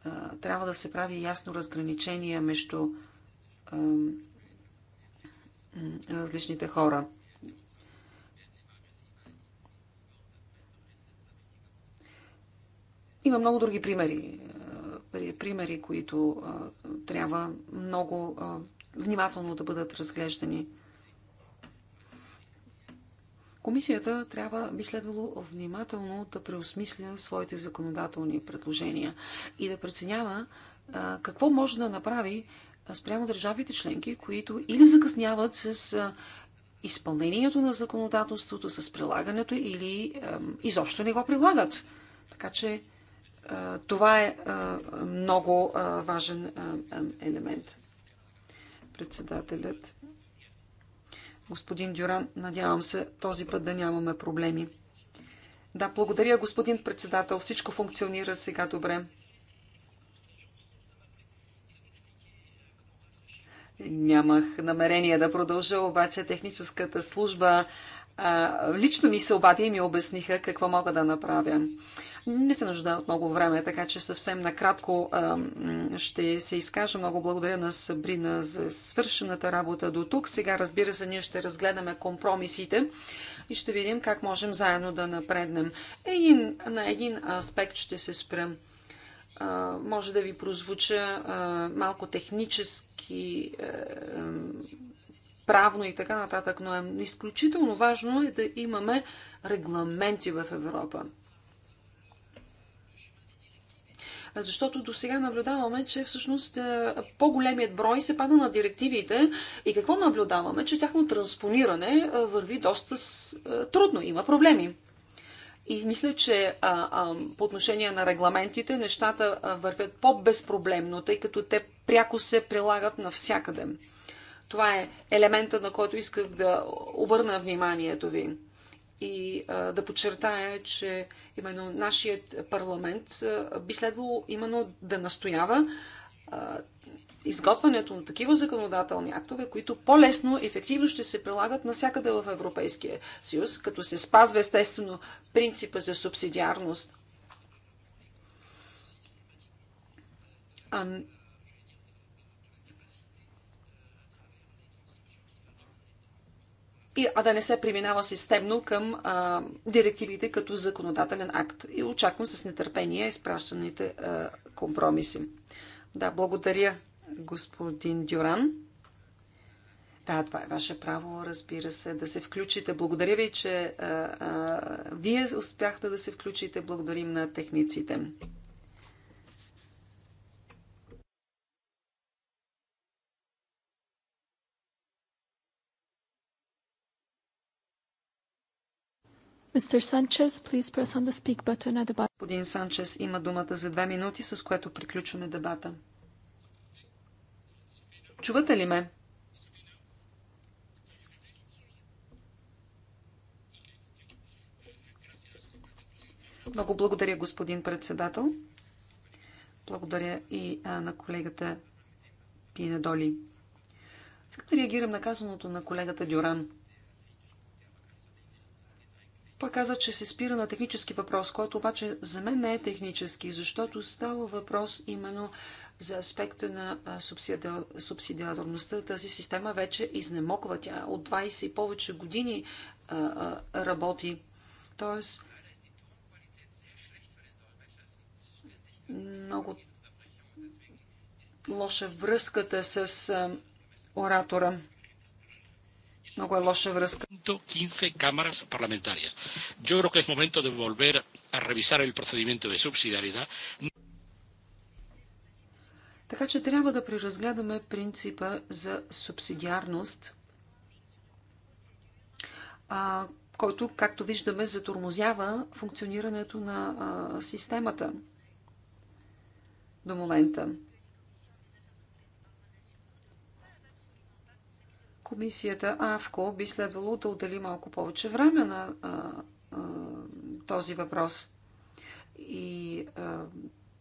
А, трябва да се прави ясно разграничение между а, различните хора. Има много други примери примери, които трябва много внимателно да бъдат разглеждани. Комисията трябва би следвало внимателно да преосмисля своите законодателни предложения и да преценява какво може да направи спрямо държавите членки, които или закъсняват с изпълнението на законодателството, с прилагането или изобщо не го прилагат. Така че това е много важен елемент. Председателят. Господин Дюран, надявам се този път да нямаме проблеми. Да, благодаря, господин председател. Всичко функционира сега добре. Нямах намерение да продължа, обаче техническата служба а, лично ми се обади и ми обясниха какво мога да направя. Не се нуждае от много време, така че съвсем накратко ще се изкажа. Много благодаря на Сабрина за свършената работа до тук. Сега, разбира се, ние ще разгледаме компромисите и ще видим как можем заедно да напреднем. Един, на един аспект ще се спрем. Може да ви прозвуча малко технически правно и така нататък, но е изключително важно е да имаме регламенти в Европа. защото до сега наблюдаваме, че всъщност е, по-големият брой се пада на директивите и какво наблюдаваме, че тяхно транспониране е, върви доста е, трудно, има проблеми. И мисля, че а, а, по отношение на регламентите нещата а, вървят по-безпроблемно, тъй като те пряко се прилагат навсякъде. Това е елемента, на който исках да обърна вниманието ви и а, да подчертая, че именно нашият парламент а, би следвало именно да настоява а, изготвянето на такива законодателни актове, които по-лесно, ефективно ще се прилагат навсякъде в Европейския съюз, като се спазва естествено принципа за субсидиарност. А и, а да не се преминава системно към а, директивите като законодателен акт. И очаквам с нетърпение изпращаните а, компромиси. Да, благодаря, господин Дюран. Да, това е ваше право, разбира се, да се включите. Благодаря ви, че а, а, вие успяхте да се включите. Благодарим на техниците. Mr. Sanchez, please press on the speak button at the bottom. Господин Санчес има думата за две минути, с което приключваме дебата. Чувате ли ме? Много благодаря, господин председател. Благодаря и а, на колегата Пинедоли. Искам да реагирам на казаното на колегата Дюран. Той каза, че се спира на технически въпрос, който обаче за мен не е технически, защото става въпрос именно за аспекта на субсидиаторността. субсидиарността. Тази система вече изнемоква. Тя от 20 и повече години работи. Тоест, много лоша връзката с оратора. Много е лоша връзка. 115 cámaras parlamentarias. Yo creo que es momento de volver a revisar el procedimiento de subsidiariedad. Така че трябва да преразгледаме принципа за субсидиарност, който, както виждаме, затормозява функционирането на системата до момента. комисията АВКО би следвало да отдели малко повече време на а, а, този въпрос и а,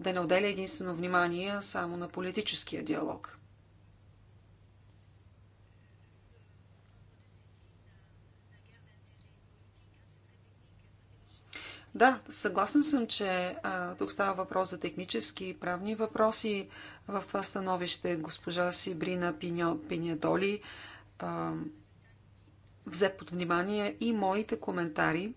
да не отделя единствено внимание само на политическия диалог. Да, съгласен съм, че а, тук става въпрос за технически и правни въпроси. В това становище госпожа Сибрина Пиньо, Пинядоли а, взе под внимание и моите коментари,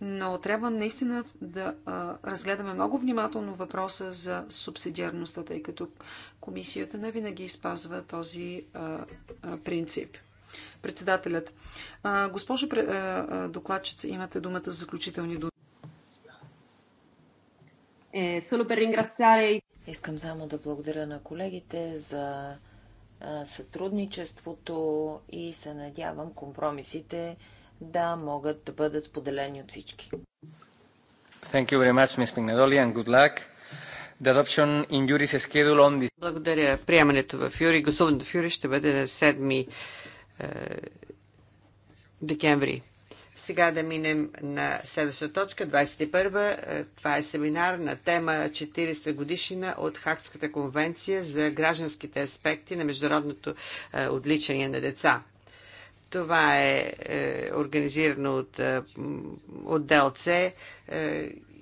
но трябва наистина да а, разгледаме много внимателно въпроса за субсидиарността, тъй като комисията не винаги спазва този а, а, принцип. Председателят. А, госпожо а, докладчица, имате думата за заключителни думи. Е, Искам само да благодаря на колегите за сътрудничеството и се надявам компромисите да могат да бъдат споделени от всички. Благодаря. Приемането в Юри, гласуването в Юри ще бъде на 7 е, декември. Сега да минем на следващата точка, 21. Е, това е семинар на тема 40 годишина от Хакската конвенция за гражданските аспекти на международното е, отличане на деца. Това е, е организирано от отдел С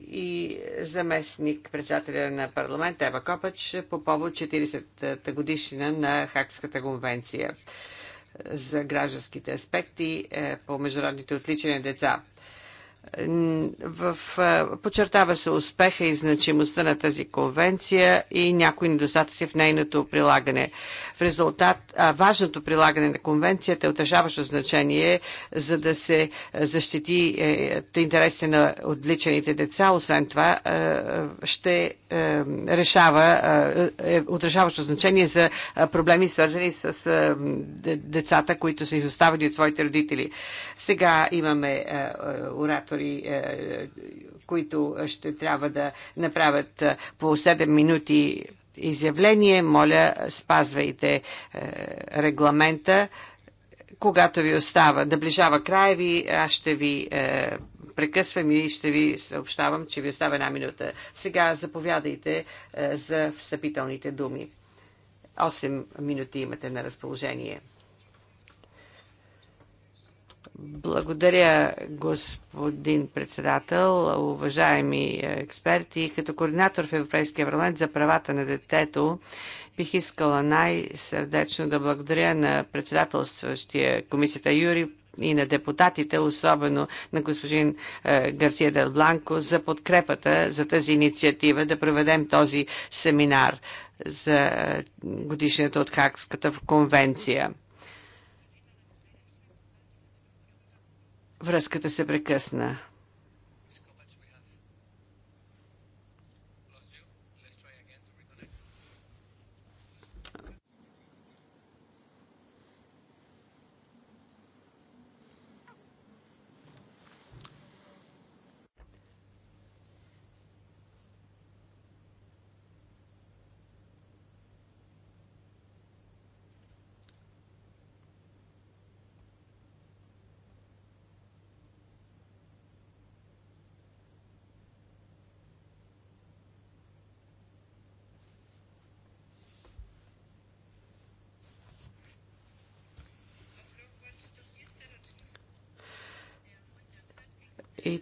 и заместник председателя на парламента Ева Копач по повод 40-та годишина на Хакската конвенция за гражданските аспекти е, по международните отличия на деца. В, е, подчертава се успеха и значимостта на тази конвенция и някои недостатъци в нейното прилагане. В резултат, важното прилагане на конвенцията е отражаващо значение, за да се защити е, интересите на отличените деца. Освен това, ще е, решава, е, е отрешаващо значение за е, проблеми, свързани с децата, които са изоставени от своите родители. Сега имаме оратори, които ще трябва да направят по 7 минути изявление. Моля, спазвайте регламента когато ви остава, наближава края ви, аз ще ви е, прекъсвам и ще ви съобщавам, че ви остава една минута. Сега заповядайте е, за встъпителните думи. 8 минути имате на разположение. Благодаря, господин председател, уважаеми експерти. Като координатор в Европейския парламент за правата на детето Бих искала най-сърдечно да благодаря на председателстващия комисията Юри и на депутатите, особено на господин е, Гарсия Дел Бланко, за подкрепата за тази инициатива да проведем този семинар за е, годишната от Хакската конвенция. Връзката се прекъсна.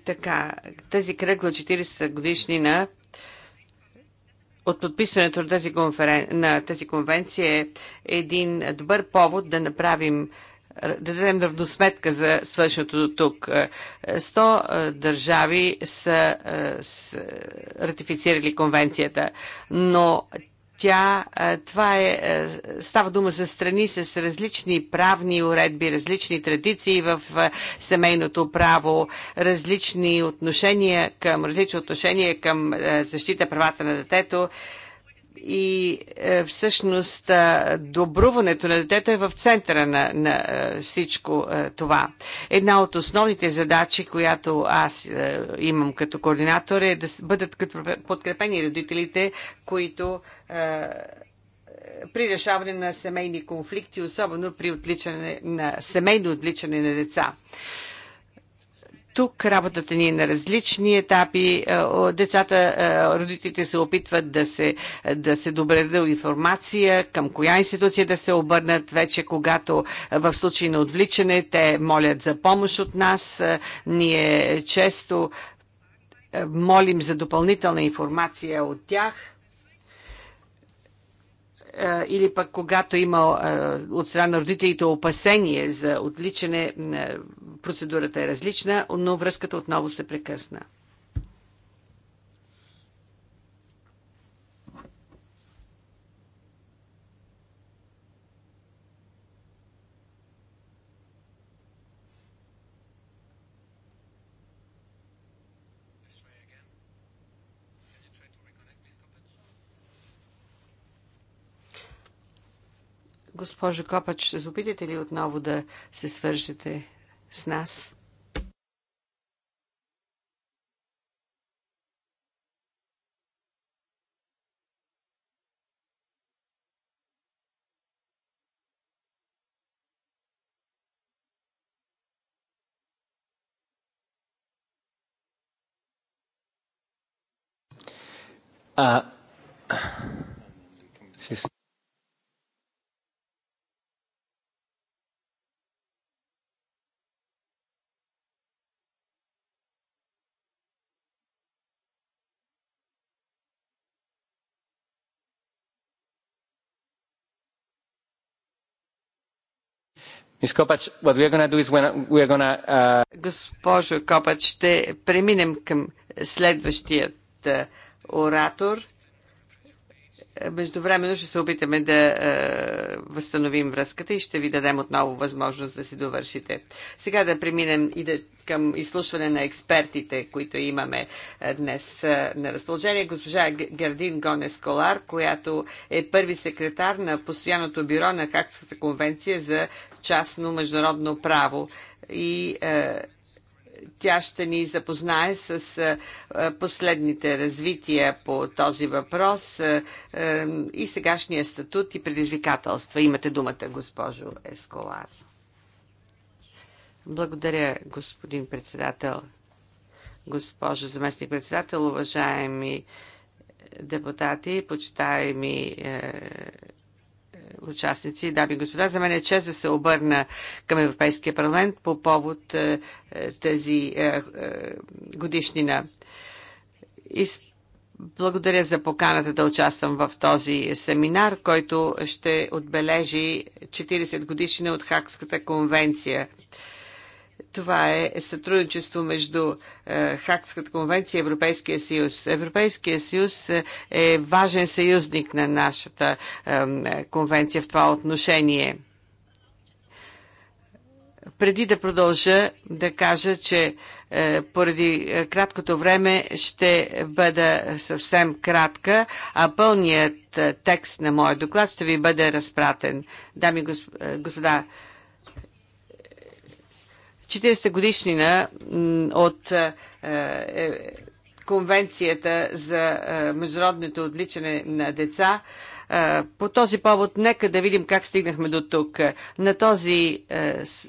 така, тази кръгла 40 годишнина от подписването на тази, конферен... на тази конвенция е един добър повод да направим да дадем равносметка за свършеното до тук. 100 е, държави са, е, са ратифицирали конвенцията, но тя, това е, става дума за страни с различни правни уредби, различни традиции в семейното право, различни отношения към, различни отношения към защита правата на детето и е, всъщност добруването на детето е в центъра на, на е, всичко е, това. Една от основните задачи, която аз имам като координатор е да бъдат подкрепени родителите, които при решаване на семейни конфликти, особено при отличане на семейно отличане на деца. Тук работата ни е на различни етапи. Е, децата, е, родителите се опитват да се, да се добре да информация, към коя институция да се обърнат вече, когато е, в случай на отвличане те молят за помощ от нас. Ние често молим за допълнителна информация от тях – или пък когато има от страна на родителите опасение за отличане, процедурата е различна, но връзката отново се прекъсна. Госпожо Копач, ще се опитате ли отново да се свържете с нас? А... uh, Kopacz, Госпожо Копач, ще преминем към следващият е, оратор. Междувременно ще се опитаме да е, възстановим връзката и ще ви дадем отново възможност да си довършите. Сега да преминем и да, към изслушване на експертите, които имаме е, днес е, на разположение. Госпожа Гердин Гонес Колар, която е първи секретар на Постоянното бюро на Хакската конвенция за частно международно право и е, тя ще ни запознае с последните развития по този въпрос и сегашния статут и предизвикателства. Имате думата, госпожо Есколар. Благодаря, господин председател. Госпожо заместник председател, уважаеми депутати, почитаеми е, участници. Дами и господа, за мен е чест да се обърна към Европейския парламент по повод е, е, тези тази е, годишнина. И Благодаря за поканата да участвам в този семинар, който ще отбележи 40 годишнина от Хакската конвенция това е сътрудничество между е, Хакската конвенция и Европейския съюз. Европейския съюз е, е важен съюзник на нашата е, конвенция в това отношение. Преди да продължа да кажа, че поради краткото време ще бъда съвсем кратка, а пълният текст на моят доклад ще ви бъде разпратен. Дами и господа, 40 годишнина от е, е, Конвенцията за е, международното отличане на деца. По този повод, нека да видим как стигнахме до тук. На този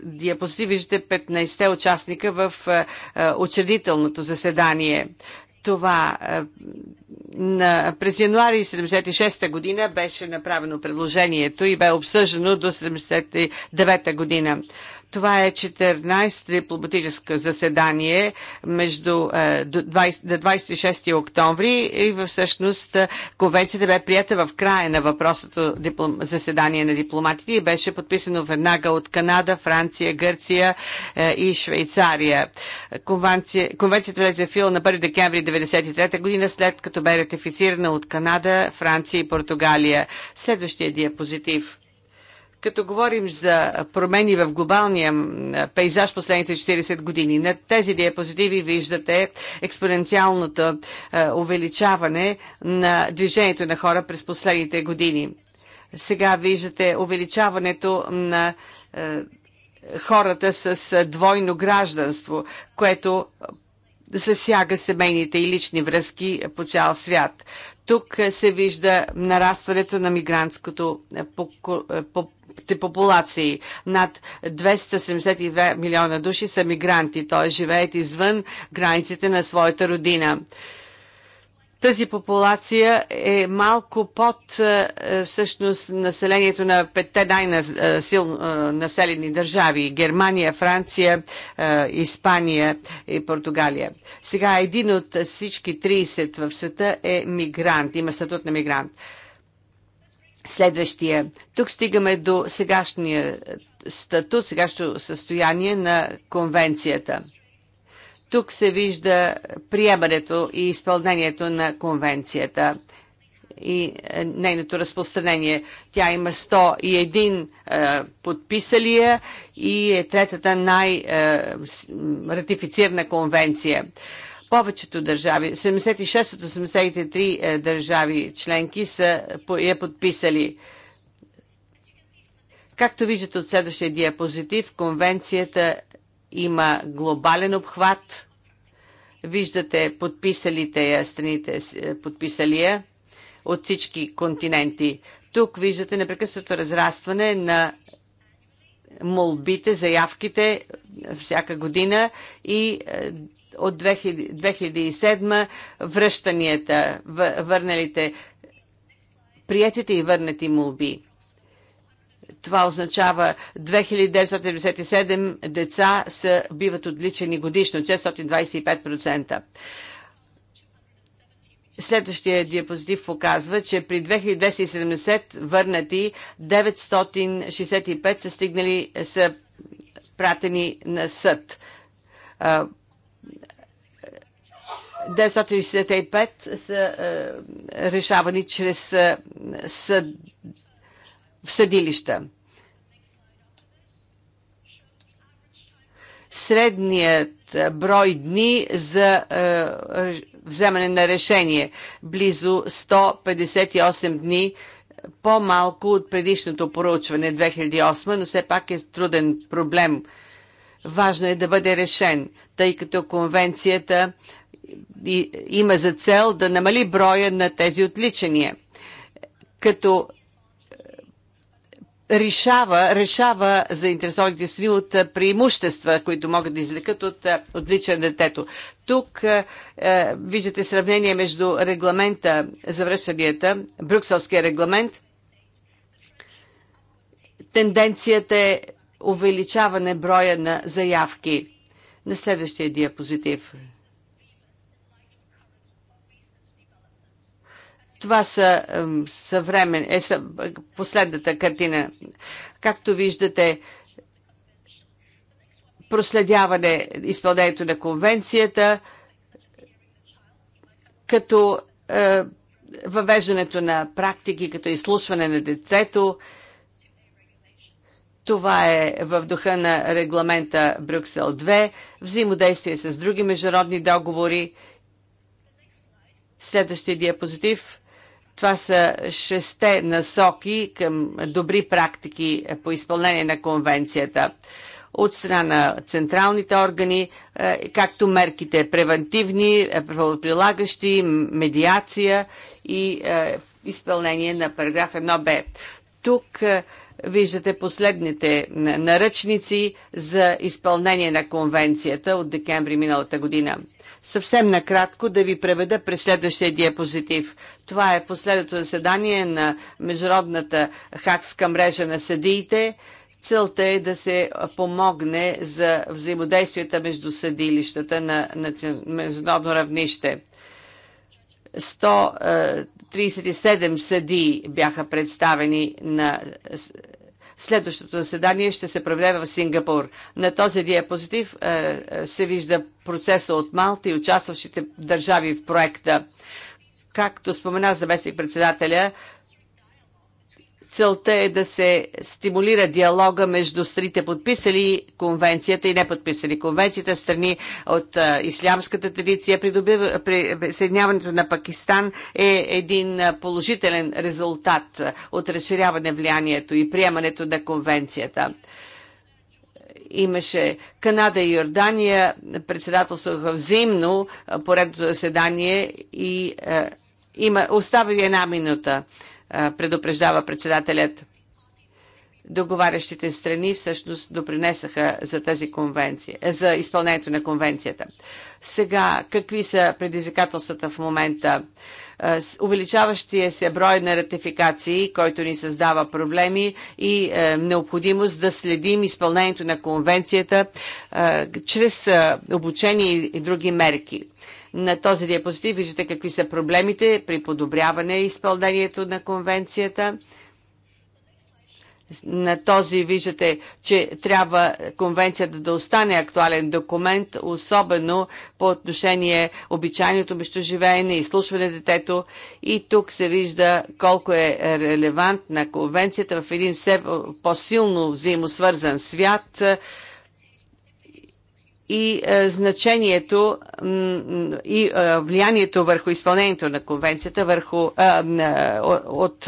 диапозитив виждате 15-те участника в учредителното заседание. Това на, през януари 76 та година беше направено предложението и бе обсъждано до 79 та година. Това е 14-то дипломатическо заседание между 26 е, октомври и всъщност е, конвенцията бе прията в края на въпросното заседание на дипломатите и беше подписано веднага от Канада, Франция, Гърция е, и Швейцария. Конвенцията влезе в фил на 1 декември 1993 година, след като бе ратифицирана от Канада, Франция и Португалия. Следващия диапозитив като говорим за промени в глобалния пейзаж последните 40 години. На тези диапозитиви виждате експоненциалното е, увеличаване на движението на хора през последните години. Сега виждате увеличаването на е, хората с е, двойно гражданство, което засяга семейните и лични връзки по цял свят. Тук се вижда нарастването на мигрантското различните популации. Над 272 милиона души са мигранти, т.е. живеят извън границите на своята родина. Тази популация е малко под е, всъщност населението на петте най-силно е, е, населени държави Германия, Франция, Испания и Португалия. Сега един от всички 30 в света е мигрант, има статут на мигрант следващия. Тук стигаме до сегашния е, статут, сегашното състояние на конвенцията. Тук се вижда приемането и изпълнението на конвенцията и е, нейното разпространение. Тя има 101 е, и е третата най-ратифицирана е, конвенция повечето държави, 76 от 83 е, държави членки са я подписали. Както виждате от следващия диапозитив, конвенцията има глобален обхват. Виждате подписалите я, страните е, подписали я от всички континенти. Тук виждате непрекъснато разрастване на молбите, заявките всяка година и е, от 2007 връщанията, върналите, приятите и върнати молби. Това означава 2997 деца са, биват отличени годишно, 625%. Следващия диапозитив показва, че при 2270 върнати 965 са стигнали, са пратени на съд. 965 са е, решавани чрез е, съд, в съдилища. Средният е, брой дни за е, вземане на решение близо 158 дни по-малко от предишното проучване 2008, но все пак е труден проблем. Важно е да бъде решен тъй като конвенцията има за цел да намали броя на тези отличания. Като е, решава, решава заинтересованите страни от е, преимущества, които могат да извлекат от е, отличане на детето. Тук е, виждате сравнение между регламента за връщанията, Брюкселския регламент. Тенденцията е увеличаване броя на заявки на следващия диапозитив. Това са съвремен, е, са последната картина. Както виждате, проследяване изпълнението на конвенцията, като е, въвеждането на практики, като изслушване на детето, това е в духа на регламента Брюксел 2, взаимодействие с други международни договори. Следващия диапозитив. Това са шесте насоки към добри практики по изпълнение на конвенцията от страна на централните органи, е, както мерките превентивни, е, правоприлагащи, медиация и е, изпълнение на параграф 1б. Тук Виждате последните наръчници за изпълнение на конвенцията от декември миналата година. Съвсем накратко да ви преведа през следващия диапозитив. Това е последното заседание на Международната хакска мрежа на съдиите. Целта е да се помогне за взаимодействията между съдилищата на, международно равнище. 137 е, съдии бяха представени на Следващото заседание ще се проведе в Сингапур. На този диапозитив е, е, се вижда процеса от Малта и участващите държави в проекта. Както спомена заместник председателя, Целта е да се стимулира диалога между страните подписали конвенцията и не подписали конвенцията, е страни от а, ислямската традиция. присъединяването на Пакистан е един положителен резултат от разширяване влиянието и приемането на конвенцията имаше Канада и Йордания, председателстваха взаимно поредното заседание и е, има, остави една минута предупреждава председателят. Договарящите страни всъщност допринесаха за тази конвенция, е, за изпълнението на конвенцията. Сега, какви са предизвикателствата в момента? увеличаващия се брой на ратификации, който ни създава проблеми и е, необходимост да следим изпълнението на конвенцията е, чрез е, обучение и други мерки. На този диапозитив виждате какви са проблемите при подобряване изпълнението на конвенцията. На този виждате, че трябва конвенцията да остане актуален документ, особено по отношение обичайното междуживеене, изслушване слушване детето. И тук се вижда колко е релевантна конвенцията в един все по-силно взаимосвързан свят – и е, значението и е, влиянието върху изпълнението на конвенцията върху, е, от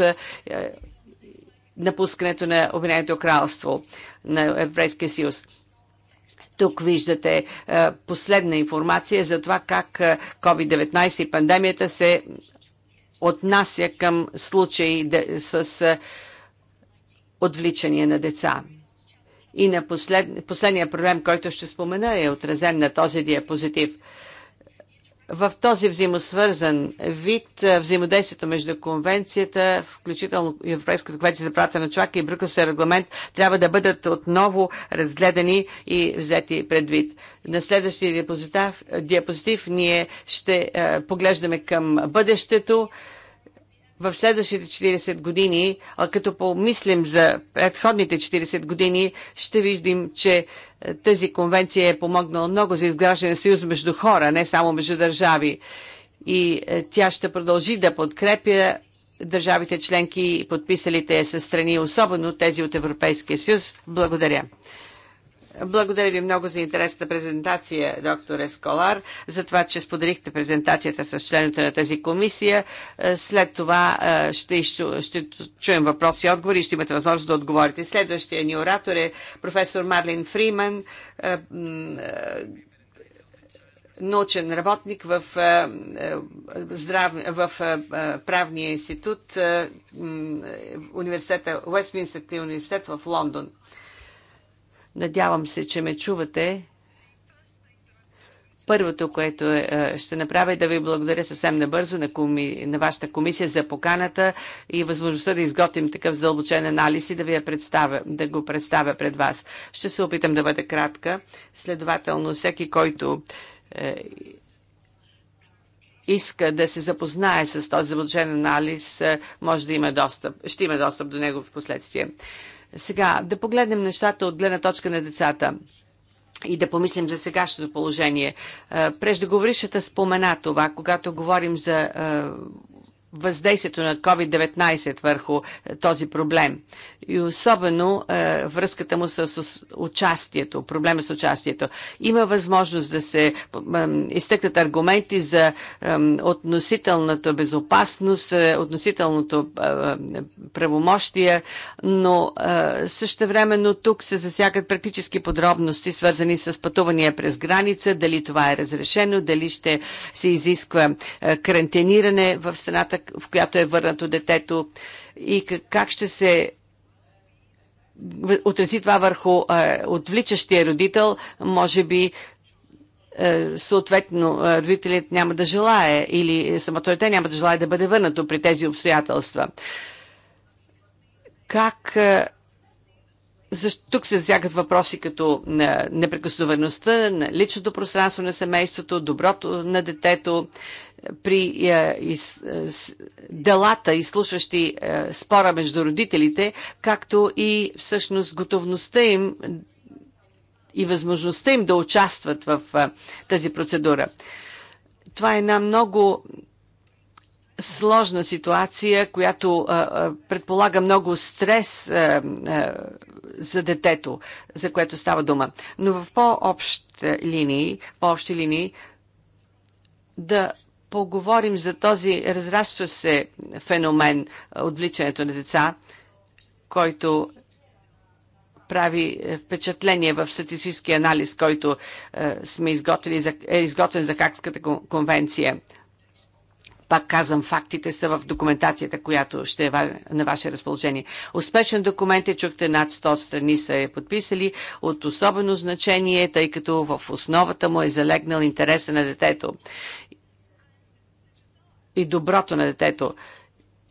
напускането на Обединеното кралство на Европейския съюз. Тук виждате последна информация за това как COVID-19 и пандемията се отнася към случаи с отвличания на деца. И на послед, последния проблем, който ще спомена, е отразен на този диапозитив. В този взаимосвързан вид е, взаимодействието между конвенцията, включително Европейската конвенция за правата на човека и Брюкселския регламент, трябва да бъдат отново разгледани и взети предвид. На следващия диапозитив, диапозитив ние ще е, поглеждаме към бъдещето в следващите 40 години, а като помислим за предходните 40 години, ще виждим, че е, тази конвенция е помогнала много за изграждане на съюз между хора, не само между държави. И е, тя ще продължи да подкрепя държавите членки и подписалите се страни, особено тези от Европейския съюз. Благодаря. Благодаря ви много за интересната презентация, доктор Есколар, за това, че споделихте презентацията с членовете на тази комисия. Е, след това е, ще, ще чуем въпроси и отговори и ще имате възможност да отговорите. Следващия ни оратор е професор Марлин Фриман, е, научен работник в, здрав... в правния институт, университета, Уестминстърския университет в Лондон. Надявам се, че ме чувате. Първото, което е, е, ще направя е да ви благодаря съвсем набързо на, коми, на вашата комисия за поканата и възможността да изготвим такъв задълбочен анализ и да, ви я представя, да го представя пред вас. Ще се опитам да бъда кратка. Следователно, всеки, който е, иска да се запознае с този задълбочен анализ, е, може да има достъп, ще има достъп до него в последствие. Сега, да погледнем нещата от гледна точка на децата и да помислим за сегашното положение. Преждеговорившата спомена това, когато говорим за въздействието на COVID-19 върху този проблем и особено а, е, връзката му с, с участието, проблема с участието. Има възможност да се изтъкнат аргументи за относителната безопасност, е, относителното е, е, правомощие, но също времено тук се засягат практически подробности, свързани с пътувания през граница, дали това е разрешено, дали ще се изисква карантиниране в страната, в която е върнато детето и как ще се отрази това върху е, отвличащия родител, може би е, съответно е, родителят няма да желае или самото дете няма да желае да бъде върнато при тези обстоятелства. Как е, защо, тук се засягат въпроси като на неприкосновеността, на личното пространство на семейството, доброто на детето, при е, из, е, делата, изслушващи е, спора между родителите, както и всъщност готовността им и възможността им да участват в е, тази процедура. Това е една много сложна ситуация, която е, е, предполага много стрес Е, е, за детето, за което става дума. Но в по-общи линии, по-общи линии да поговорим за този разраства се феномен отвличането на деца, който прави впечатление в статистически анализ, който е, сме изготвили за, е изготвен за Хакската конвенция. Пак казвам, фактите са в документацията, която ще е на ваше разположение. Успешен документ е, чухте, над 100 страни са е подписали. От особено значение, тъй като в основата му е залегнал интереса на детето и доброто на детето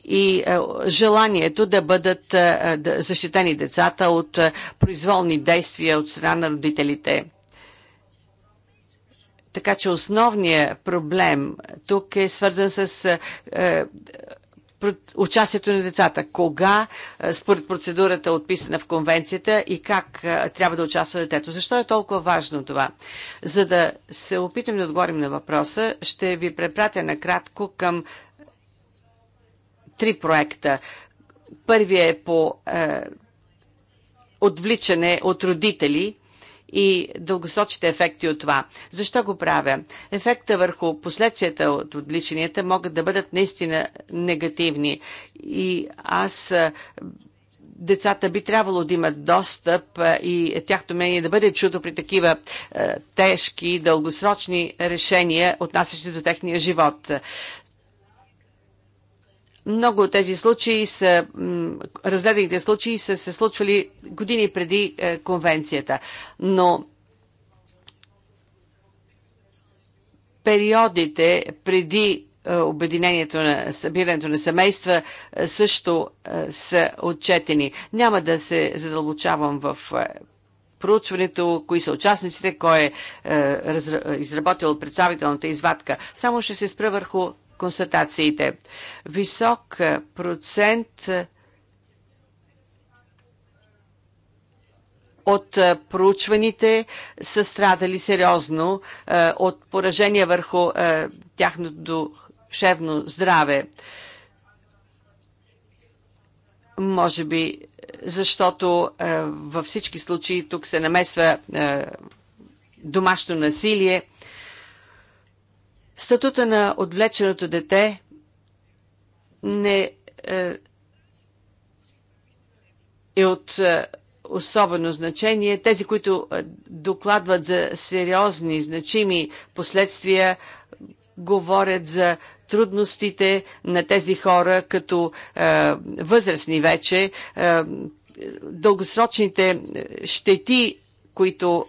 и е, желанието да бъдат е, е, защитени децата от произволни действия от страна на родителите. Така че основният проблем тук е свързан с е, е, участието на децата. Кога, е, според процедурата, отписана в конвенцията и как трябва да участва детето? Защо е толкова важно това? За да се опитам да отговорим на въпроса, ще ви препратя накратко към три проекта. Първият е по е, отвличане от родители и дългосрочните ефекти от това. Защо го правя? Ефекта върху последствията от отвличанията могат да бъдат наистина негативни. И аз децата би трябвало да имат достъп и тяхто мнение да бъде чудо при такива е, тежки, дългосрочни решения, отнасящи до техния живот. Много от тези случаи са, разгледаните случаи са се случвали години преди е, конвенцията, но периодите преди е, обединението на събирането на семейства е, също са отчетени. Няма да се задълбочавам в проучването, кои са участниците, кой е, изработил представителната извадка. Само ще се спра върху констатациите. Висок е, процент е, от е, проучваните са страдали сериозно от поражения върху тяхното душевно здраве. Може би, защото във всички случаи тук се намесва домашно насилие Статута на отвлеченото дете не е, е от е, особено значение. Тези, които е, докладват за сериозни, значими последствия, говорят за трудностите на тези хора като е, възрастни вече, е, дългосрочните щети, които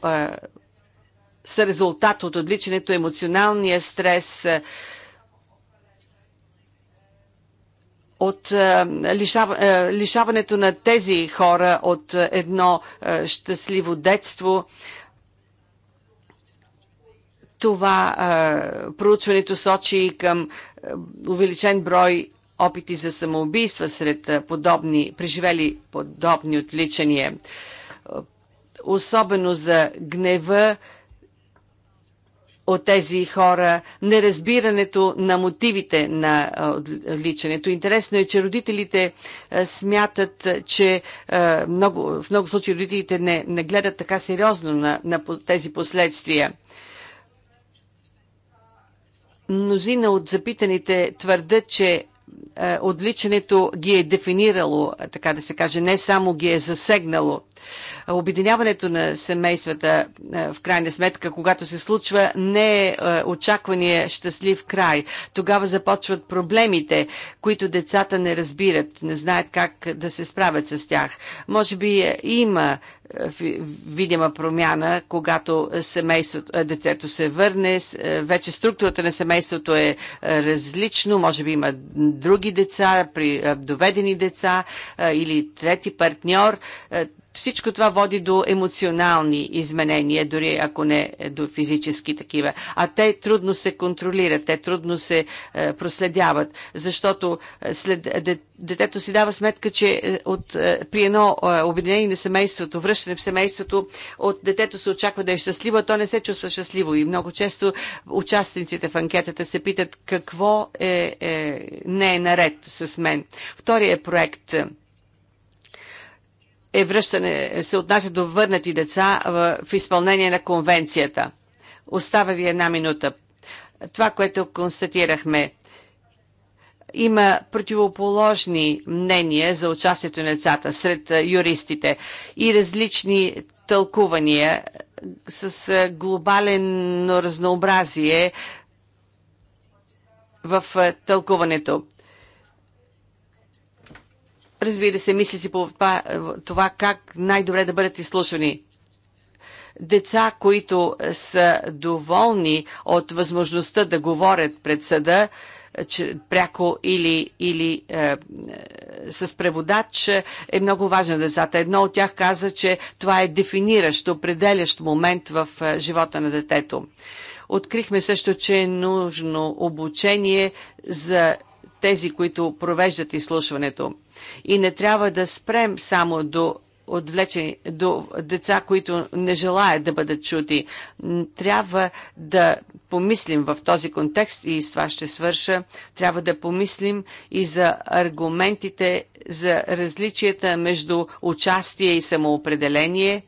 са резултат от отличането емоционалния стрес, е, от е, е, лишаването на тези хора от едно щастливо детство. Това проучването сочи към увеличен брой опити за самоубийства сред подобни, преживели подобни отличания. Особено за гнева от тези хора, неразбирането на мотивите на отличането. Интересно е, че родителите смятат, че много, в много случаи родителите не, не гледат така сериозно на, на тези последствия. Мнозина от запитаните твърдят, че отвличането ги е дефинирало, така да се каже, не само ги е засегнало – Обединяването на семействата е, в крайна сметка, когато се случва, не е очаквания щастлив край. Тогава започват проблемите, които децата не разбират, не знаят как да се справят с тях. Може би е, има е, видима промяна, когато семейството, детето се върне. Вече структурата на семейството е различно. Може би има други деца, при доведени деца или трети партньор. Всичко това води до емоционални изменения, дори ако не до физически такива. А те трудно се контролират, те трудно се е, проследяват, защото е, след детето си дава сметка, че е, от, при едно обединение на семейството, връщане в семейството, от детето се очаква да е щастливо, а то не се чувства щастливо. И много често участниците в анкетата се питат какво е, е, не е наред с мен. Втория проект – е връщане, се отнася до върнати деца в, в изпълнение на конвенцията. Остава ви една минута. Това, което констатирахме, има противоположни мнения за участието на децата сред юристите и различни тълкувания с глобален разнообразие в тълкуването. Разбира се, мисли си по това, това как най-добре да бъдат изслушани деца, които са доволни от възможността да говорят пред съда, че, пряко или, или е, с преводач е много важен децата. Едно от тях каза, че това е дефиниращ, определящ момент в е, живота на детето. Открихме също, че е нужно обучение за тези, които провеждат изслушването и не трябва да спрем само до отвлечени до деца, които не желаят да бъдат чути. Трябва да помислим в този контекст и с това ще свърша. Трябва да помислим и за аргументите за различията между участие и самоопределение.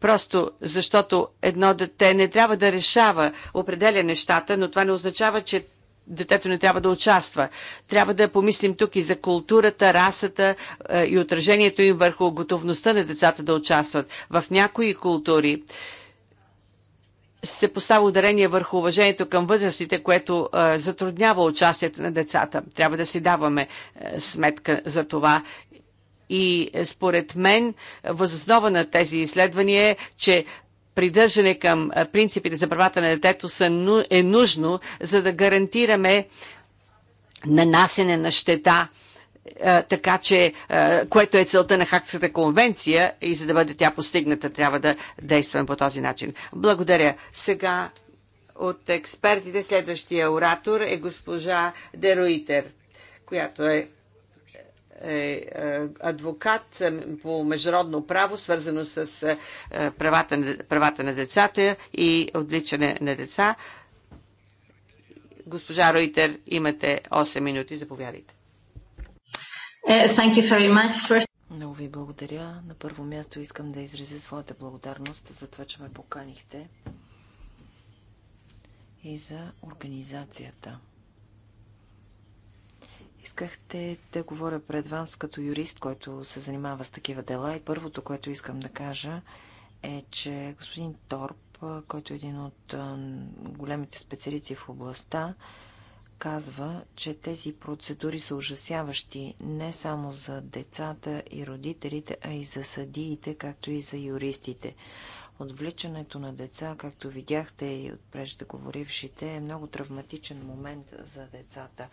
Просто защото едно дете не трябва да решава, определя нещата, но това не означава, че детето не трябва да участва. Трябва да помислим тук и за културата, расата е, и отражението им върху готовността на децата да участват. В някои култури се поставя ударение върху уважението към възрастите, което е, затруднява участието на децата. Трябва да си даваме е, сметка за това. И според мен, възоснова на тези изследвания е, че придържане към принципите за правата на детето е нужно, за да гарантираме нанасене на щета, така че, което е целта на Хакската конвенция и за да бъде тя постигната, трябва да действаме по този начин. Благодаря. Сега от експертите следващия оратор е госпожа Деруитер, която е е, е адвокат е, по международно право, свързано с е, правата на, правата на децата и отличане на деца. Госпожа Ройтер, имате 8 минути. Заповядайте. First... Много ви благодаря. На първо място искам да изразя своята благодарност за това, че ме поканихте и за организацията. Искахте да говоря пред вас като юрист, който се занимава с такива дела. И първото, което искам да кажа, е, че господин Торп, който е един от големите специалисти в областта, казва, че тези процедури са ужасяващи не само за децата и родителите, а и за съдиите, както и за юристите. Отвличането на деца, както видяхте и от преждеговорившите, е много травматичен момент за децата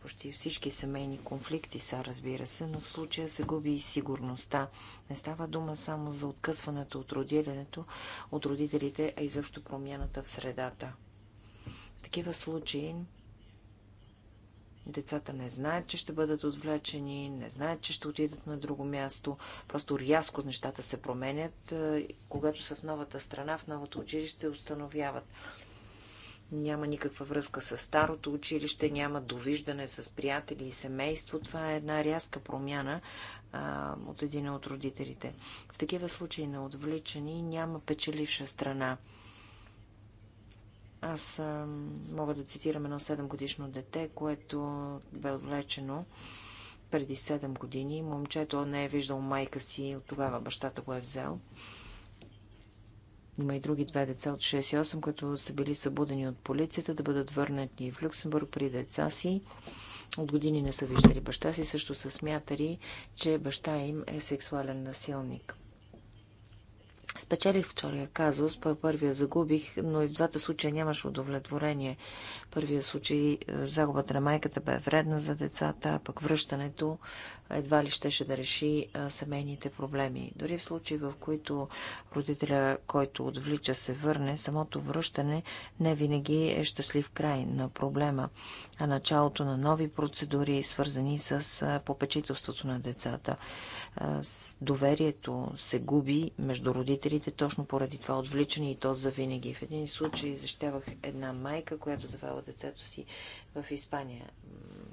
почти всички семейни конфликти са, разбира се, но в случая се губи и сигурността. Не става дума само за откъсването от родилянето, от родителите, а и защо промяната в средата. В такива случаи децата не знаят, че ще бъдат отвлечени, не знаят, че ще отидат на друго място. Просто рязко нещата се променят. Когато са в новата страна, в новото училище, установяват, няма никаква връзка с старото училище, няма довиждане с приятели и семейство. Това е една рязка промяна а, от един от родителите. В такива случаи на отвличани няма печеливша страна. Аз а, мога да цитирам едно 7 годишно дете, което бе отвлечено преди 7 години. Момчето не е виждал майка си, от тогава бащата го е взел. Има и други две деца от 6 и 8, които са били събудени от полицията да бъдат върнати в Люксембург при деца си. От години не са виждали баща си, също са смятали, че баща им е сексуален насилник. Спечелих втория казус, пър първия загубих, но и в двата случая нямаше удовлетворение. Първия случай е, загубата на майката бе вредна за децата, а пък връщането едва ли щеше да реши е, семейните проблеми. Дори в случаи, в които родителя, който отвлича, се върне, самото връщане не винаги е щастлив край на проблема, а началото на нови процедури, свързани с е, попечителството на децата. Доверието се губи между родители медиите точно поради това отвличане и то завинаги. В един случай защитявах една майка, която завела децето си в Испания.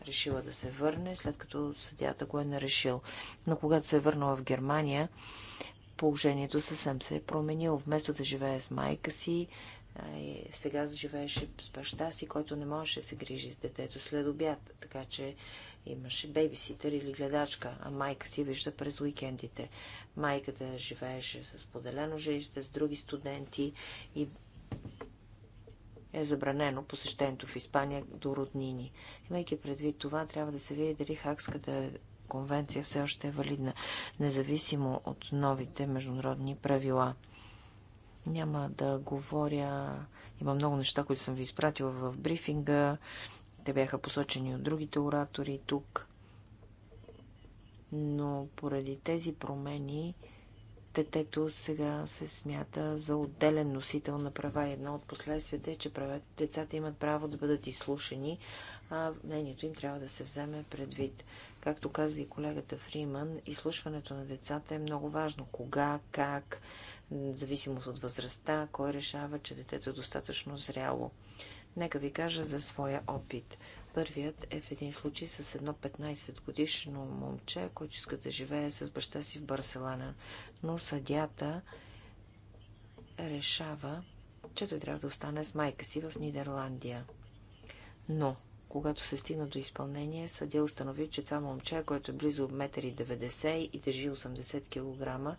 Решила да се върне, след като съдята го е нарешил. Но когато се е върнала в Германия, положението съвсем се е променило. Вместо да живее с майка си, сега живееше с баща си, който не можеше да се грижи с детето след обяд. Така че Имаше бейбиситър или гледачка, а майка си вижда през уикендите. Майката живееше с поделено жилище, с други студенти и е забранено посещението в Испания до роднини. Имайки предвид това, трябва да се види дали Хакската конвенция все още е валидна, независимо от новите международни правила. Няма да говоря. Има много неща, които съм ви изпратила в брифинга. Те бяха посочени от другите оратори тук. Но поради тези промени детето сега се смята за отделен носител на права. Едно от последствията е, че децата имат право да бъдат изслушани, а мнението им трябва да се вземе предвид. Както каза и колегата Фриман, изслушването на децата е много важно. Кога, как, в зависимост от възрастта, кой решава, че детето е достатъчно зряло. Нека ви кажа за своя опит. Първият е в един случай с едно 15 годишно момче, който иска да живее с баща си в Барселона. Но съдята решава, че той трябва да остане с майка си в Нидерландия. Но когато се стигна до изпълнение, съдя установи, че това момче, което е близо 1,90 м и тежи 80 кг,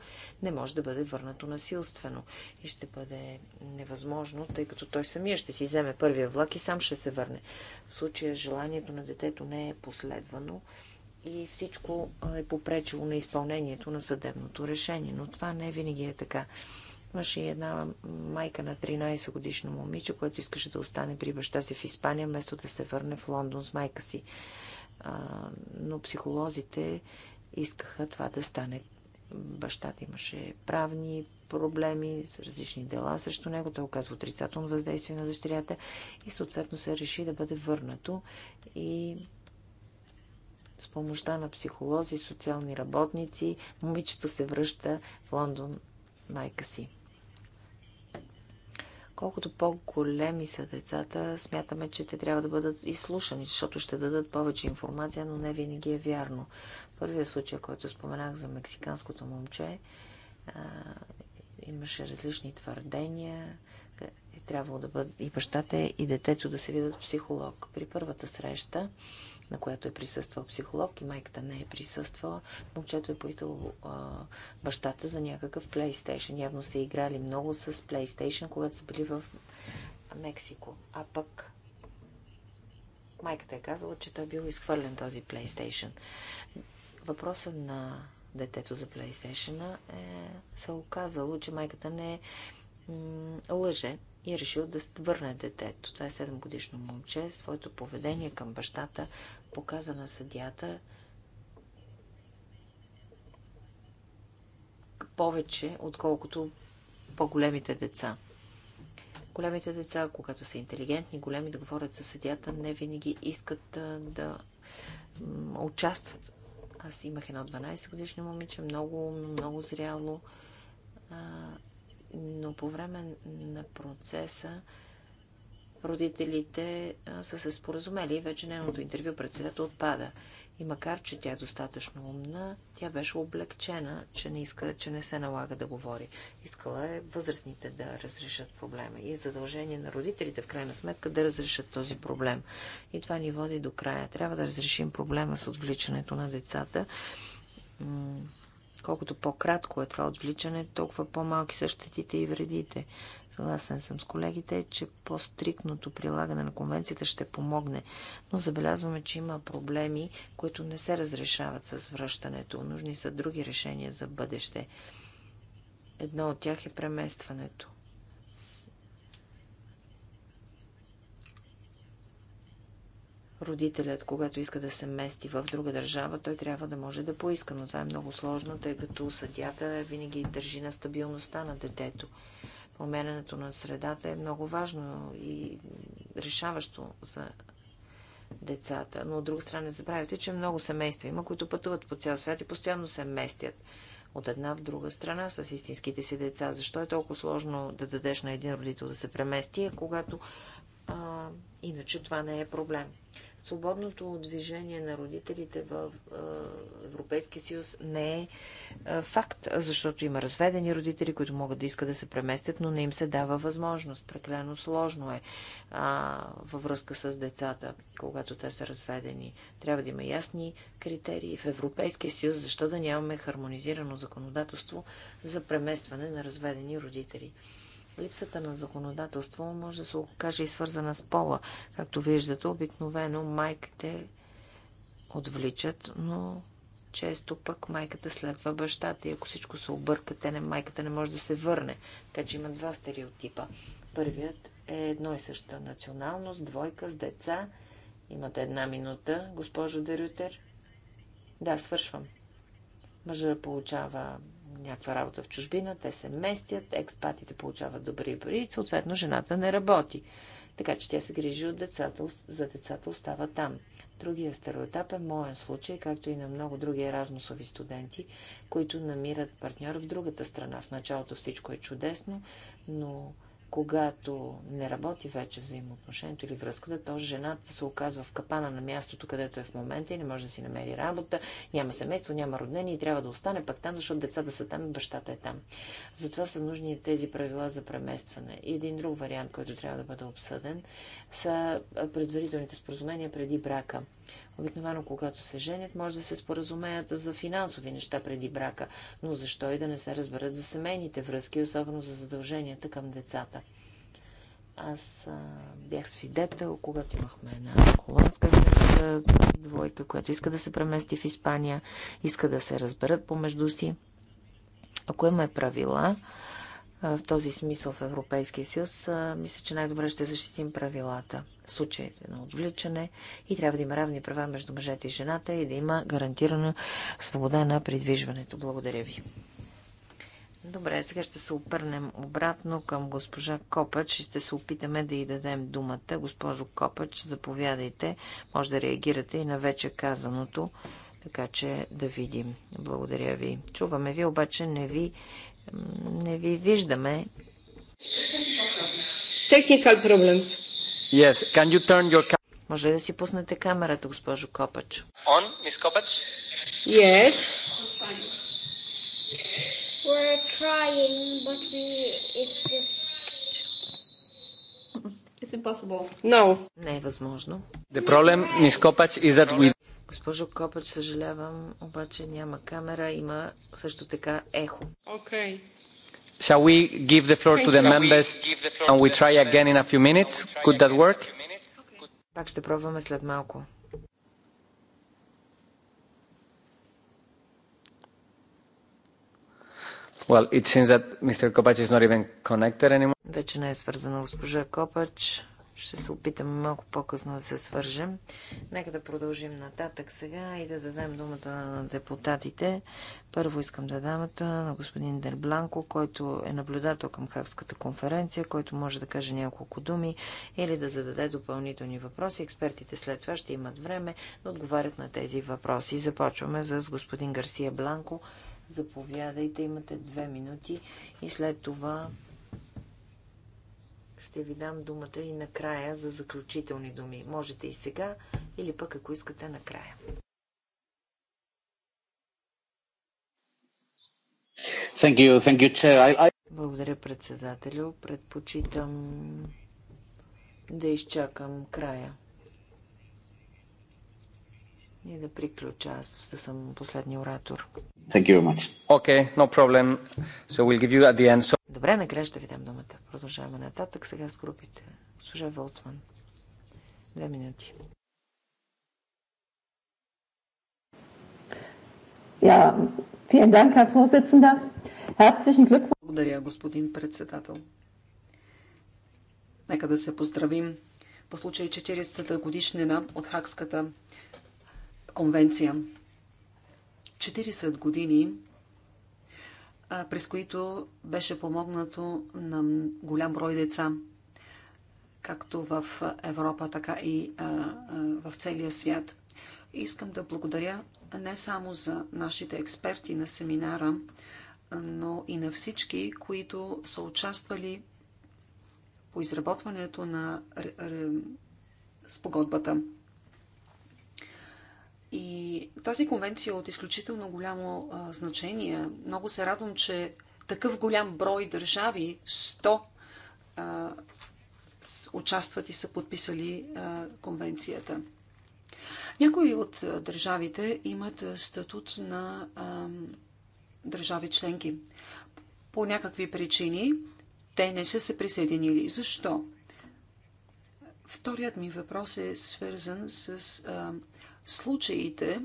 не може да бъде върнато насилствено. И ще бъде невъзможно, тъй като той самия ще си вземе първия влак и сам ще се върне. В случая желанието на детето не е последвано и всичко е попречило на изпълнението на съдебното решение. Но това не винаги е така. Имаше и една майка на 13 годишно момиче, което искаше да остане при баща си в Испания, вместо да се върне в Лондон с майка си. А, но психолозите искаха това да стане. Бащата имаше правни проблеми, различни дела срещу него. Той оказва отрицателно въздействие на дъщерята и съответно се реши да бъде върнато и с помощта на психолози, социални работници, момичето се връща в Лондон майка си. Колкото по-големи са децата, смятаме, че те трябва да бъдат изслушани, защото ще дадат повече информация, но не винаги е вярно. Първият случай, който споменах за мексиканското момче, а, имаше различни твърдения, трябвало да бъдат и бащата и детето да се видят психолог. При първата среща, на която е присъствал психолог и майката не е присъствала, момчето е поитало а, бащата за някакъв PlayStation. Явно са играли много с PlayStation, когато са били в Мексико. А пък майката е казала, че той е бил изхвърлен този PlayStation. Въпросът на детето за PlayStation е, се е оказало, че майката не е, лъже и е решил да върне детето. Това е 7 годишно момче. Своето поведение към бащата показа на съдята повече, отколкото по-големите деца. Големите деца, когато са интелигентни, големи да говорят със съдята, не винаги искат да участват. Аз имах едно 12 годишно момиче, много, много зряло но по време на процеса родителите са се споразумели и вече нейното интервю председател отпада. И макар, че тя е достатъчно умна, тя беше облегчена, че не, иска, че не се налага да говори. Искала е възрастните да разрешат проблема. И е задължение на родителите, в крайна сметка, да разрешат този проблем. И това ни води до края. Трябва да разрешим проблема с отвличането на децата Колкото по-кратко е това отвличане, толкова по-малки са щетите и вредите. Съгласен съм с колегите, че по-стрикното прилагане на конвенцията ще помогне, но забелязваме, че има проблеми, които не се разрешават с връщането. Нужни са други решения за бъдеще. Едно от тях е преместването. родителят, когато иска да се мести в друга държава, той трябва да може да поиска, но това е много сложно, тъй като съдята винаги държи на стабилността на детето. Променянето на средата е много важно и решаващо за децата. Но от друга страна не забравяйте, че много семейства има, които пътуват по цял свят и постоянно се местят от една в друга страна с истинските си деца. Защо е толкова сложно да дадеш на един родител да се премести, е когато а, иначе това не е проблем? свободното движение на родителите в Европейския съюз не е факт, защото има разведени родители, които могат да искат да се преместят, но не им се дава възможност. Преклено сложно е а, във връзка с децата, когато те са разведени. Трябва да има ясни критерии в Европейския съюз, защо да нямаме хармонизирано законодателство за преместване на разведени родители. Липсата на законодателство може да се окаже и свързана с пола. Както виждате, обикновено майките отвличат, но често пък майката следва бащата и ако всичко се обърка, те не, майката не може да се върне. Така че има два стереотипа. Първият е едно и съща националност, двойка с деца. Имате една минута, госпожо Дерютер. Да, свършвам. Мъжа получава някаква работа в чужбина, те се местят, експатите получават добри пари и съответно жената не работи. Така че тя се грижи от децата, за децата остава там. Другия стереотип е моят случай, както и на много други еразмусови студенти, които намират партньор в другата страна. В началото всичко е чудесно, но когато не работи вече взаимоотношението или връзката, то жената се оказва в капана на мястото, където е в момента и не може да си намери работа, няма семейство, няма роднени и трябва да остане пък там, защото децата са там и бащата е там. Затова са нужни тези правила за преместване. И един друг вариант, който трябва да бъде обсъден, са предварителните споразумения преди брака – Обикновено, когато се женят, може да се споразумеят за финансови неща преди брака, но защо и да не се разберат за семейните връзки, особено за задълженията към децата. Аз а, бях свидетел, когато имахме една холандска женска двойка, която иска да се премести в Испания, иска да се разберат помежду си. Ако имаме правила, в този смисъл в Европейския съюз мисля, че най-добре ще защитим правилата в случаите на отвличане и трябва да има равни права между мъжете и жената и да има гарантирана свобода на придвижването. Благодаря ви. Добре, сега ще се обърнем обратно към госпожа Копач и ще се опитаме да й дадем думата. Госпожо Копач, заповядайте. Може да реагирате и на вече казаното, така че да видим. Благодаря ви. Чуваме ви, обаче не ви не ви виждаме. Technical problems. Yes, can you turn your Може ли да си пуснете камерата, госпожо Копач? On, Miss Копач? Yes. We're trying, but we... it's just... It's impossible. No. Не е възможно. The problem, Miss Kopach, is that we Госпожо Копач, съжалявам, обаче няма камера, има също така ехо. Okay. Shall we give the floor to the members and we try again in a few minutes? Could that work? Пак ще пробваме след малко. Well, it seems that Mr. Kopach is not even connected anymore. Вече не е свързана госпожа Копач. Ще се опитам малко по-късно да се свържем. Нека да продължим нататък сега и да дадем думата на депутатите. Първо искам да дам на господин Дербланко, който е наблюдател към Хавската конференция, който може да каже няколко думи или да зададе допълнителни въпроси. Експертите след това ще имат време да отговарят на тези въпроси. Започваме с господин Гарсия Бланко. Заповядайте, имате две минути и след това ще ви дам думата и накрая за заключителни думи. Можете и сега, или пък ако искате накрая. Thank you, thank you, I, I... Благодаря, председателю. Предпочитам да изчакам края и да приключа. Аз да съм последния оратор. Thank you very much. Okay, no problem. So we'll give you at the end. So... Добре, накрая ще ви дам думата. Продължаваме нататък сега с групите. Служа Волцман. Две минути. Ja, vielen Dank, Herr Vorsitzender. Herzlichen Glückwunsch. Благодаря, господин председател. Нека да се поздравим по случай 40-та годишнина от Хакската конвенция. 40 години, през които беше помогнато на голям брой деца, както в Европа, така и в целия свят. Искам да благодаря не само за нашите експерти на семинара, но и на всички, които са участвали по изработването на спогодбата. И тази конвенция е от изключително голямо а, значение. Много се радвам, че такъв голям брой държави, 100, а, участват и са подписали а, конвенцията. Някои от а, държавите имат статут на а, държави членки. По някакви причини те не са се присъединили. Защо? Вторият ми въпрос е свързан с. А, случаите.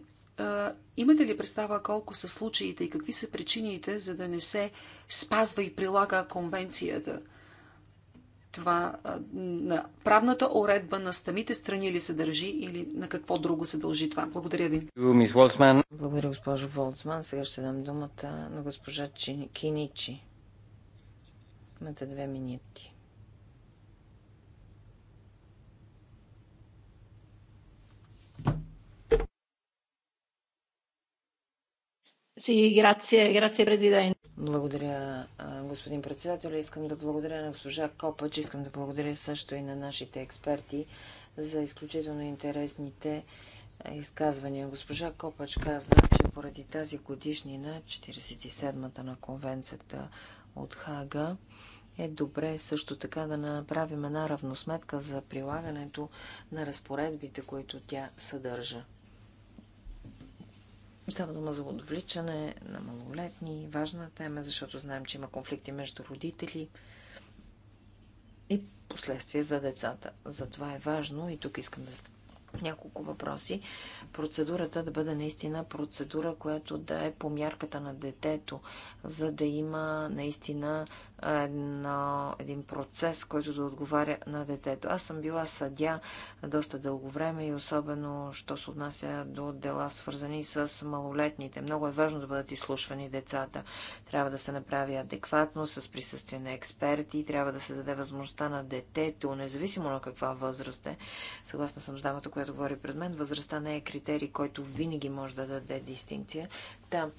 Имате ли представа колко са случаите и какви са причините, за да не се спазва и прилага конвенцията? Това на правната уредба на самите страни ли се държи или на какво друго се дължи това? Благодаря ви. Благодаря, госпожо Волцман. Сега ще дам думата на госпожа Киничи. Имате две минути. Си, грация, грация президент. Благодаря, господин председател. Искам да благодаря на госпожа Копач. Искам да благодаря също и на нашите експерти за изключително интересните изказвания. Госпожа Копач каза, че поради тази годишнина, 47-та на конвенцията от Хага, е добре също така да направим една равносметка за прилагането на разпоредбите, които тя съдържа. Става дума за отвличане на малолетни, важна тема, защото знаем, че има конфликти между родители и последствия за децата. Затова е важно и тук искам да няколко въпроси. Процедурата да бъде наистина процедура, която да е по мярката на детето, за да има наистина едно, един процес, който да отговаря на детето. Аз съм била съдя доста дълго време и особено, що се отнася до дела свързани с малолетните. Много е важно да бъдат изслушвани децата. Трябва да се направи адекватно, с присъствие на експерти, трябва да се даде възможността на детето, независимо на каква възраст е. Съгласна съм с дамата, която говори пред мен, възрастта не е критерий, който винаги може да даде дистинкция. Та, да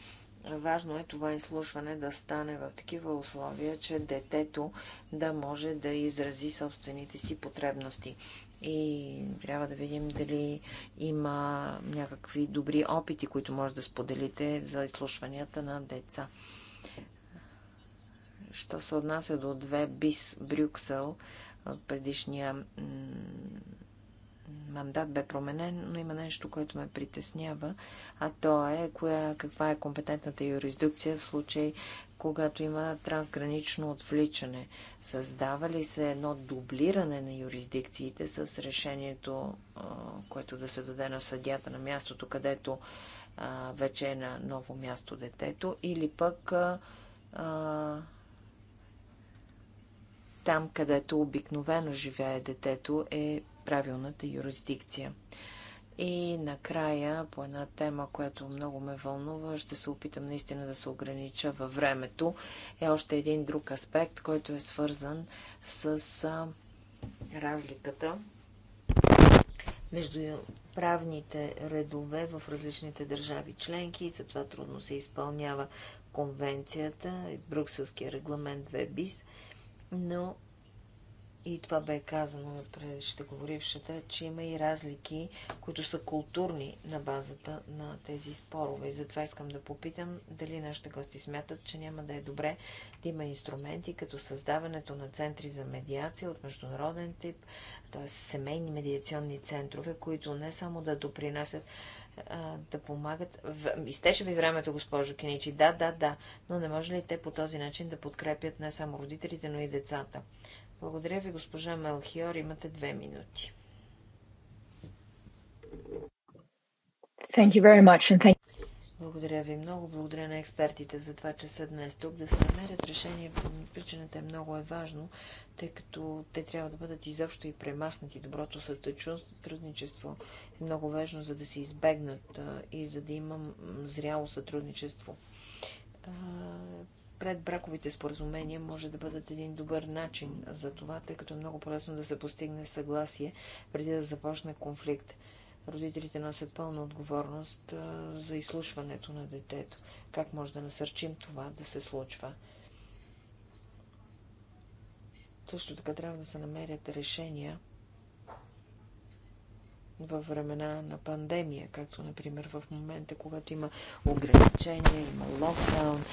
Важно е това изслушване да стане в такива условия, че детето да може да изрази собствените си потребности. И трябва да видим дали има някакви добри опити, които може да споделите за изслушванията на деца. Що се отнася до две бис Брюксел предишния мандат бе променен, но има нещо, което ме притеснява, а то е коя, каква е компетентната юрисдикция в случай, когато има трансгранично отвличане. Създава ли се едно дублиране на юрисдикциите с решението, което да се даде на съдята на мястото, където вече е на ново място детето, или пък там, където обикновено живее детето, е правилната юрисдикция. И накрая, по една тема, която много ме вълнува, ще се опитам наистина да се огранича във времето, е още един друг аспект, който е свързан с разликата между правните редове в различните държави членки и затова трудно се изпълнява конвенцията и Брюкселския регламент 2 БИС, но и това бе казано от преждеговорившата, че има и разлики, които са културни на базата на тези спорове. И затова искам да попитам дали нашите гости смятат, че няма да е добре да има инструменти, като създаването на центри за медиация от международен тип, т.е. семейни медиационни центрове, които не само да допринасят да помагат. В... Изтече ми времето, госпожо Кеничи. Да, да, да. Но не може ли те по този начин да подкрепят не само родителите, но и децата? Благодаря ви, госпожа Мелхиор. Имате две минути. Thank you very much and thank благодаря ви много. Благодаря на експертите за това, че са днес тук. Да се намерят решение по причината е много е важно, тъй като те трябва да бъдат изобщо и премахнати. Доброто сътрудничество е много важно, за да се избегнат и за да имам зряло сътрудничество. Пред браковите споразумения може да бъдат един добър начин за това, тъй като е много по-лесно да се постигне съгласие преди да започне конфликт родителите носят пълна отговорност за изслушването на детето. Как може да насърчим това да се случва? Също така трябва да се намерят решения във времена на пандемия, както например в момента, когато има ограничения, има локдаун,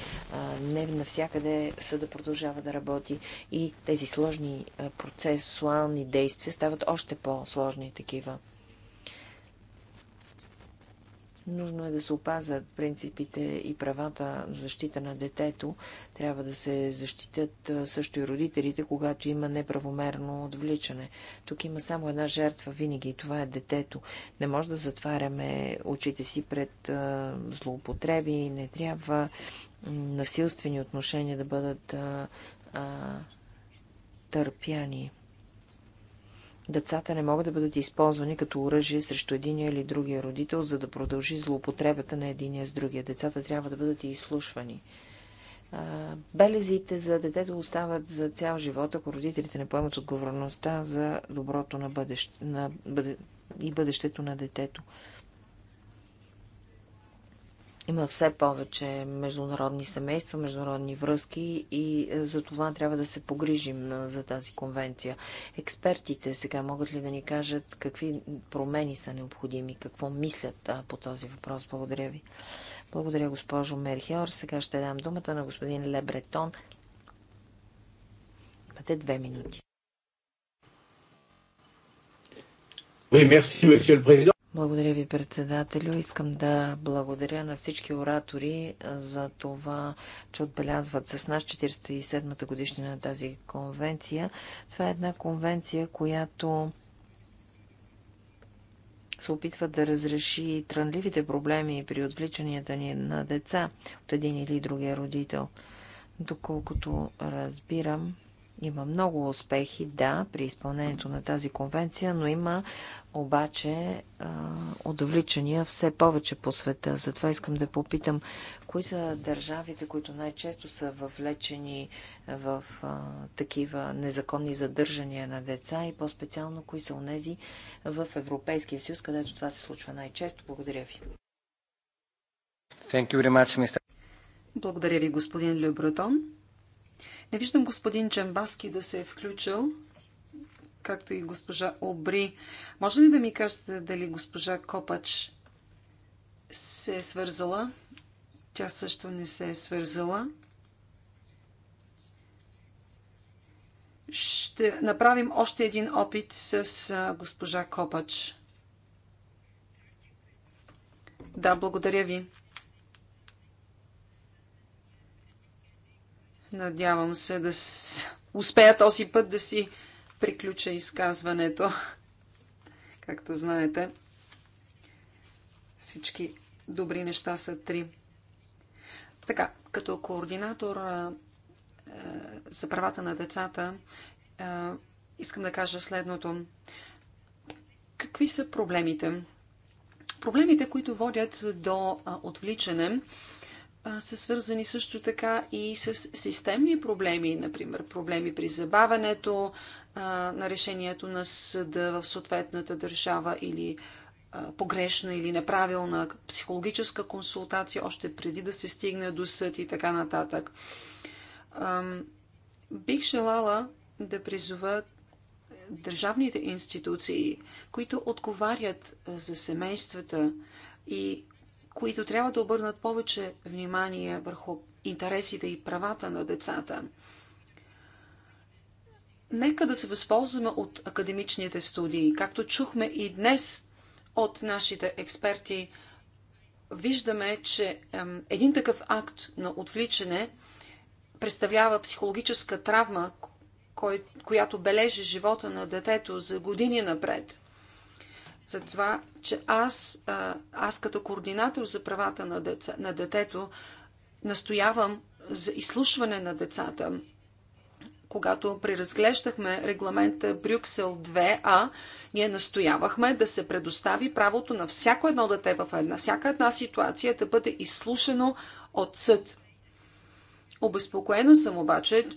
не навсякъде съда продължава да работи и тези сложни процесуални действия стават още по-сложни такива. Нужно е да се опазят принципите и правата на защита на детето. Трябва да се защитят също и родителите, когато има неправомерно отвличане. Тук има само една жертва винаги и това е детето. Не може да затваряме очите си пред злоупотреби. Не трябва насилствени отношения да бъдат а, търпяни. Децата не могат да бъдат използвани като оръжие срещу единия или другия родител, за да продължи злоупотребата на единия с другия. Децата трябва да бъдат и изслушвани. Белезите за детето остават за цял живот, ако родителите не поемат отговорността за доброто на бъдеще, на бъде, и бъдещето на детето. Има все повече международни семейства, международни връзки и е, за това трябва да се погрижим е, за тази конвенция. Експертите сега могат ли да ни кажат какви промени са необходими, какво мислят е, по този въпрос? Благодаря ви. Благодаря, госпожо Мерхиор. Сега ще дам думата на господин Лебретон. Имате две минути. Oui, merci, monsieur le président. Благодаря ви, председателю. Искам да благодаря на всички оратори за това, че отбелязват с нас 47-та годишнина на тази конвенция. Това е една конвенция, която се опитва да разреши трънливите проблеми при отвличанията ни на деца от един или другия родител. Доколкото разбирам, има много успехи, да, при изпълнението на тази конвенция, но има обаче отвличания все повече по света. Затова искам да попитам, кои са държавите, които най-често са въвлечени в а, такива незаконни задържания на деца и по-специално кои са онези в Европейския съюз, където това се случва най-често. Благодаря ви. Thank you very much, Благодаря ви, господин Любротон. Не виждам господин Джамбаски да се е включил, както и госпожа Обри. Може ли да ми кажете дали госпожа Копач се е свързала? Тя също не се е свързала. Ще направим още един опит с госпожа Копач. Да, благодаря ви. Надявам се да с... успея този път да си приключа изказването. Както знаете, всички добри неща са три. Така, като координатор а, а, е, за правата на децата, а, е, искам да кажа следното. Какви са проблемите? Проблемите, които водят до отвличане са свързани също така и с системни проблеми, например проблеми при забаването на решението на съда в съответната държава или погрешна или неправилна психологическа консултация, още преди да се стигне до съд и така нататък. Бих желала да призова държавните институции, които отговарят за семействата и които трябва да обърнат повече внимание върху интересите и правата на децата. Нека да се възползваме от академичните студии. Както чухме и днес от нашите експерти, виждаме, че един такъв акт на отвличане представлява психологическа травма, кой, която бележи живота на детето за години напред за това, че аз, аз като координатор за правата на, деца, на детето настоявам за изслушване на децата. Когато преразглеждахме регламента Брюксел 2А, ние настоявахме да се предостави правото на всяко едно дете в една, всяка една ситуация да бъде изслушано от съд. Обезпокоено съм обаче,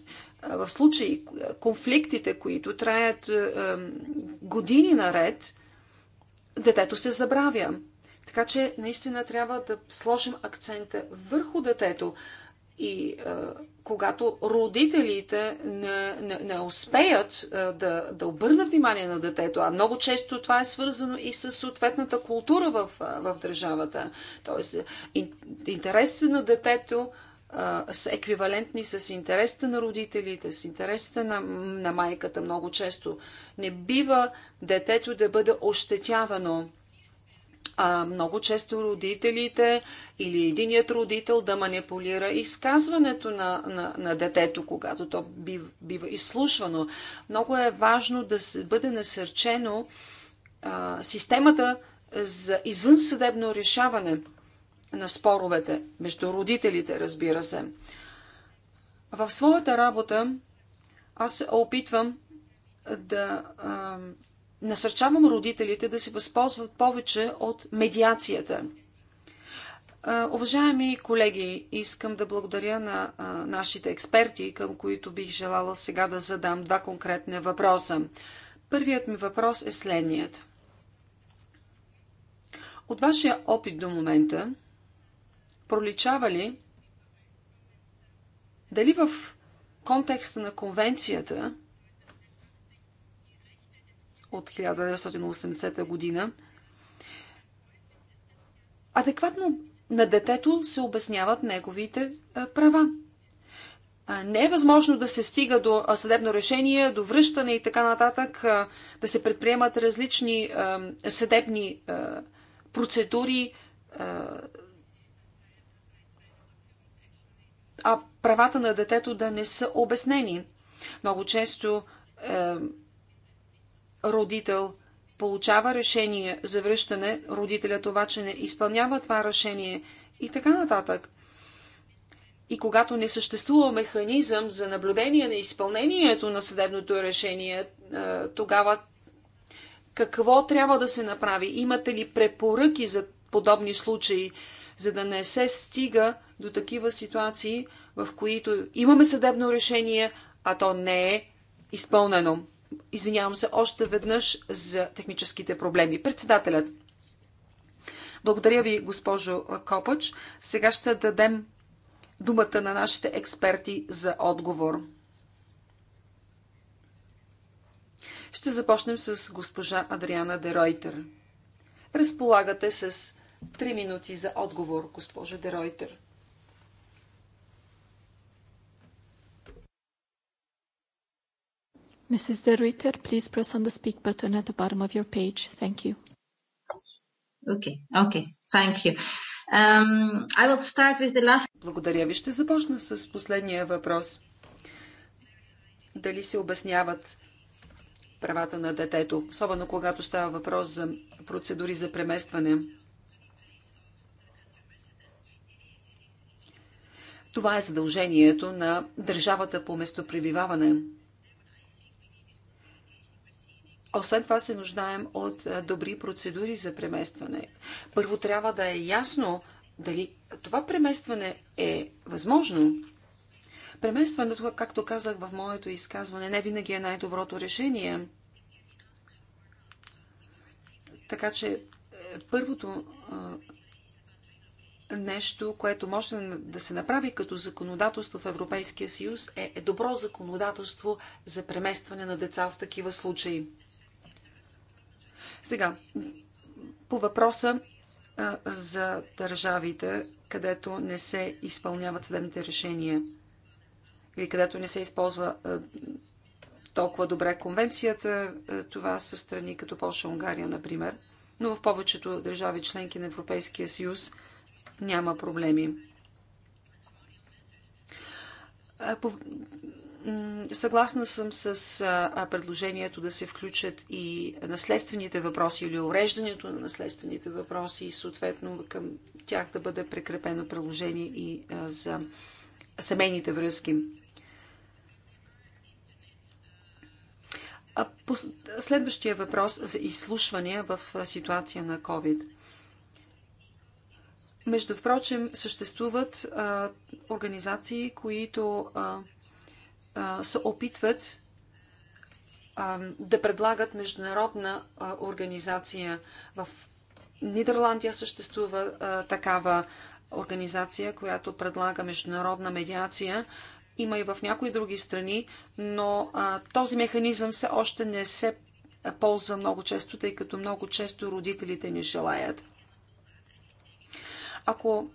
в случай конфликтите, които траят години наред, детето се забравя. Така че наистина трябва да сложим акцента върху детето. И е, когато родителите не, не, не успеят е, да, да обърнат внимание на детето, а много често това е свързано и с съответната култура в, е, в държавата, т.е. интересът на детето са еквивалентни с интересите на родителите, с интересите на, на майката много често. Не бива детето да бъде ощетявано. А, много често родителите или единият родител да манипулира изказването на, на, на детето, когато то бив, бива изслушвано. Много е важно да бъде насърчено а, системата за извънсъдебно решаване – на споровете между родителите, разбира се. В своята работа аз се опитвам да а, насърчавам родителите да се възползват повече от медиацията. А, уважаеми колеги, искам да благодаря на а, нашите експерти, към които бих желала сега да задам два конкретни въпроса. Първият ми въпрос е следният. От вашия опит до момента, проличавали дали в контекста на конвенцията от 1980 година адекватно на детето се обясняват неговите права. Не е възможно да се стига до съдебно решение, до връщане и така нататък, да се предприемат различни съдебни процедури а правата на детето да не са обяснени. Много често е, родител получава решение за връщане, родителя това, че не изпълнява това решение и така нататък. И когато не съществува механизъм за наблюдение на изпълнението на съдебното решение, е, тогава какво трябва да се направи? Имате ли препоръки за подобни случаи, за да не се стига до такива ситуации, в които имаме съдебно решение, а то не е изпълнено. Извинявам се още веднъж за техническите проблеми. Председателят. Благодаря ви, госпожо Копач. Сега ще дадем думата на нашите експерти за отговор. Ще започнем с госпожа Адриана Деройтер. Разполагате с 3 минути за отговор, госпожо Деройтер. Mrs. De Ruyter, please press on the speak button at the bottom of your page. Thank you. Okay. Okay. Thank you. Um, I will start with the last... Благодаря ви. Ще започна с последния въпрос. Дали се обясняват правата на детето, особено когато става въпрос за процедури за преместване? Това е задължението на държавата по местопребиваване. Освен това се нуждаем от добри процедури за преместване. Първо трябва да е ясно дали това преместване е възможно. Преместването, както казах в моето изказване, не винаги е най-доброто решение. Така че е, първото нещо, което може да се направи като законодателство в Европейския съюз е, е добро законодателство за преместване на деца в такива случаи. Сега, по въпроса за държавите, където не се изпълняват съдебните решения или където не се използва толкова добре конвенцията. Това са страни като Польша, Унгария, например. Но в повечето държави членки на Европейския съюз няма проблеми. Съгласна съм с предложението да се включат и наследствените въпроси или уреждането на наследствените въпроси и съответно към тях да бъде прикрепено приложение и за семейните връзки. Следващия въпрос за изслушвания в ситуация на COVID. Между впрочем, съществуват а, организации, които а, се опитват да предлагат международна организация. В Нидерландия съществува такава организация, която предлага международна медиация. Има и в някои други страни, но този механизъм все още не се ползва много често, тъй като много често родителите не желаят. Ако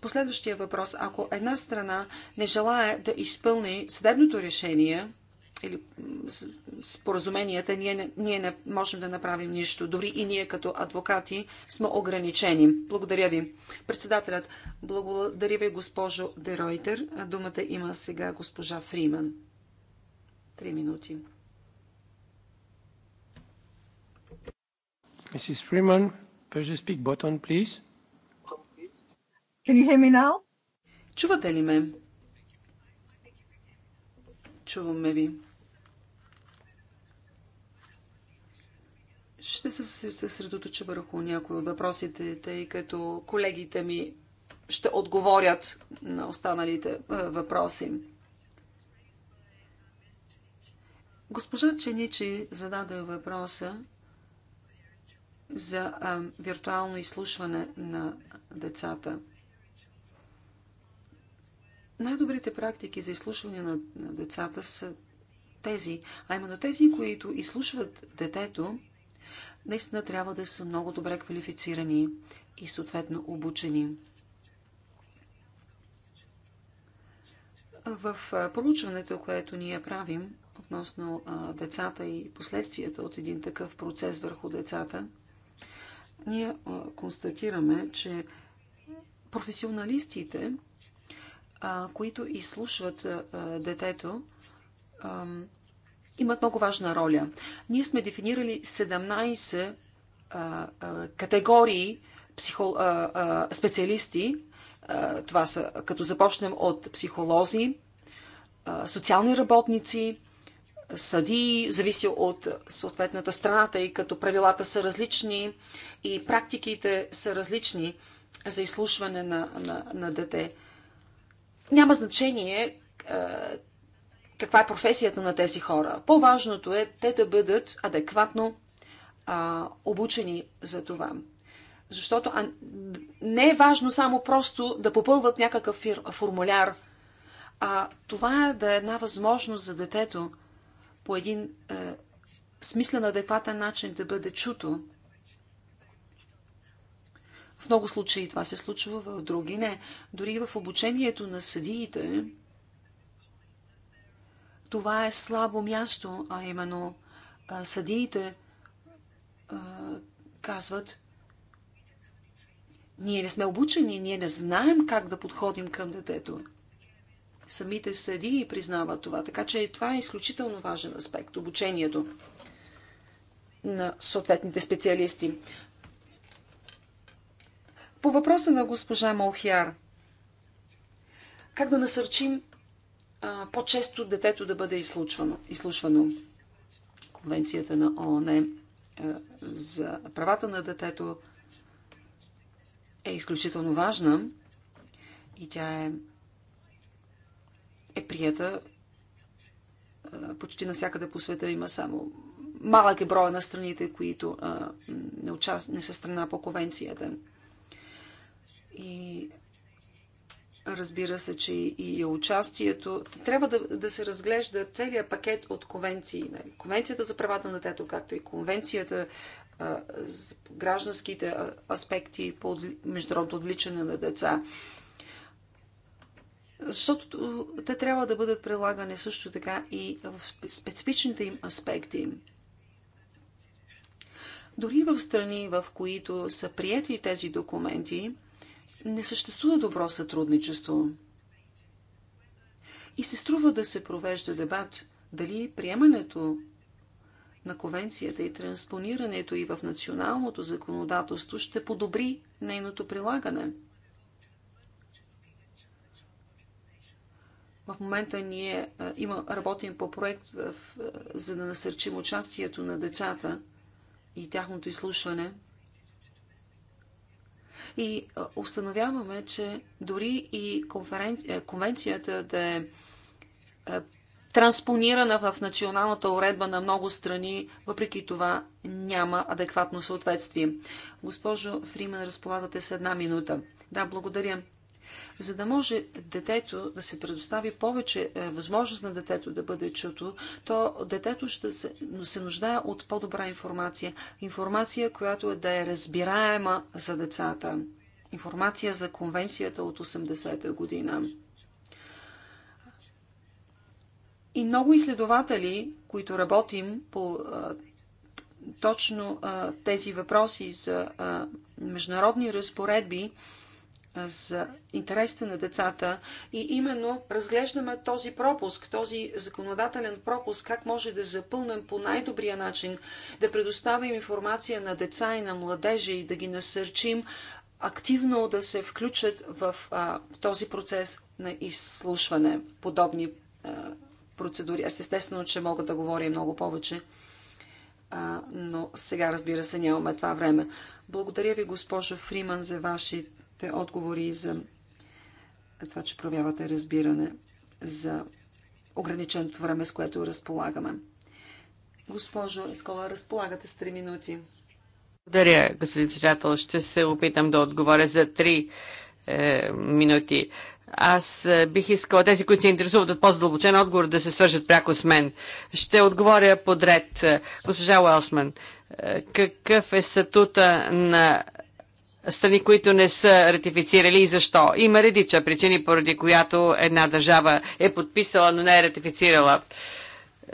последващия въпрос. Ако една страна не желая да изпълни съдебното решение или споразуменията, ние не, ние не можем да направим нищо. Дори и ние като адвокати сме ограничени. Благодаря ви. Председателят, благодаря ви, госпожо Деройтер. Думата има сега госпожа Фриман. Три минути. Мисис Фриман, press speak button, please. Can you hear me now? Чувате ли ме? Чуваме ви. Ще се съсредоточа върху някои от въпросите, тъй като колегите ми ще отговорят на останалите е, въпроси. Госпожа Ченичи зададе въпроса за е, виртуално изслушване на децата – най-добрите практики за изслушване на децата са тези, а именно тези, които изслушват детето, наистина трябва да са много добре квалифицирани и съответно обучени. В проучването, което ние правим относно децата и последствията от един такъв процес върху децата, ние констатираме, че професионалистите а, които изслушват а, детето, а, имат много важна роля. Ние сме дефинирали 17 а, а, категории психо, а, а, специалисти. А, това са, като започнем от психолози, а, социални работници, съди, зависи от съответната страната и като правилата са различни и практиките са различни за изслушване на, на, на дете няма значение е, каква е професията на тези хора. По-важното е те да бъдат адекватно а, обучени за това. Защото а, не е важно само просто да попълват някакъв фир, формуляр. А това е да е една възможност за детето по един а, е, смислен, адекватен начин да бъде чуто много случаи това се случва, в други не. Дори в обучението на съдиите това е слабо място, а именно съдиите казват, ние не сме обучени, ние не знаем как да подходим към детето. Самите съдии признават това, така че това е изключително важен аспект обучението на съответните специалисти. По въпроса на госпожа Молхиар, как да насърчим по-често детето да бъде изслушвано? изслушвано? Конвенцията на ООН е, за правата на детето е изключително важна и тя е, е прията почти навсякъде по света има само малък е броя на страните, които а, не, участ... не са страна по конвенцията. И разбира се, че и е участието. Трябва да, да се разглежда целият пакет от конвенции. Нали? Конвенцията за правата на детето, както и конвенцията за гражданските аспекти по международното отличане на деца. Защото те трябва да бъдат прилагани също така и в специфичните им аспекти. Дори в страни, в които са прияти тези документи, не съществува добро сътрудничество. И се струва да се провежда дебат дали приемането на конвенцията и транспонирането и в националното законодателство ще подобри нейното прилагане. В момента ние има, работим по проект, в, за да насърчим участието на децата и тяхното изслушване – и установяваме, че дори и е, конвенцията да е, е транспонирана в националната уредба на много страни, въпреки това няма адекватно съответствие. Госпожо Фримен, разполагате с една минута. Да, благодаря за да може детето да се предостави повече е, възможност на детето да бъде чуто, то детето ще се, се нуждае от по-добра информация. Информация, която е да е разбираема за децата. Информация за конвенцията от 80-та година. И много изследователи, които работим по а, е, точно а, е, тези въпроси за а, международни разпоредби, за интересите на децата. И именно разглеждаме този пропуск, този законодателен пропуск, как може да запълнем по най-добрия начин, да предоставим информация на деца и на младежи и да ги насърчим активно да се включат в а, този процес на изслушване. Подобни а, процедури. Аз естествено, че мога да говоря много повече, а, но сега, разбира се, нямаме това време. Благодаря ви, госпожо Фриман, за вашите те отговори за това, че проявявате разбиране за ограниченото време, с което разполагаме. Госпожо Ескола, разполагате с 3 минути. Благодаря, господин председател. Ще се опитам да отговоря за 3 е, минути. Аз е, бих искала тези, които се интересуват от по-задълбочен отговор, да се свържат пряко с мен. Ще отговоря подред. Е, госпожа Уелсман, е, какъв е статута на страни, които не са ратифицирали и защо. Има редича причини, поради която една държава е подписала, но не е ратифицирала.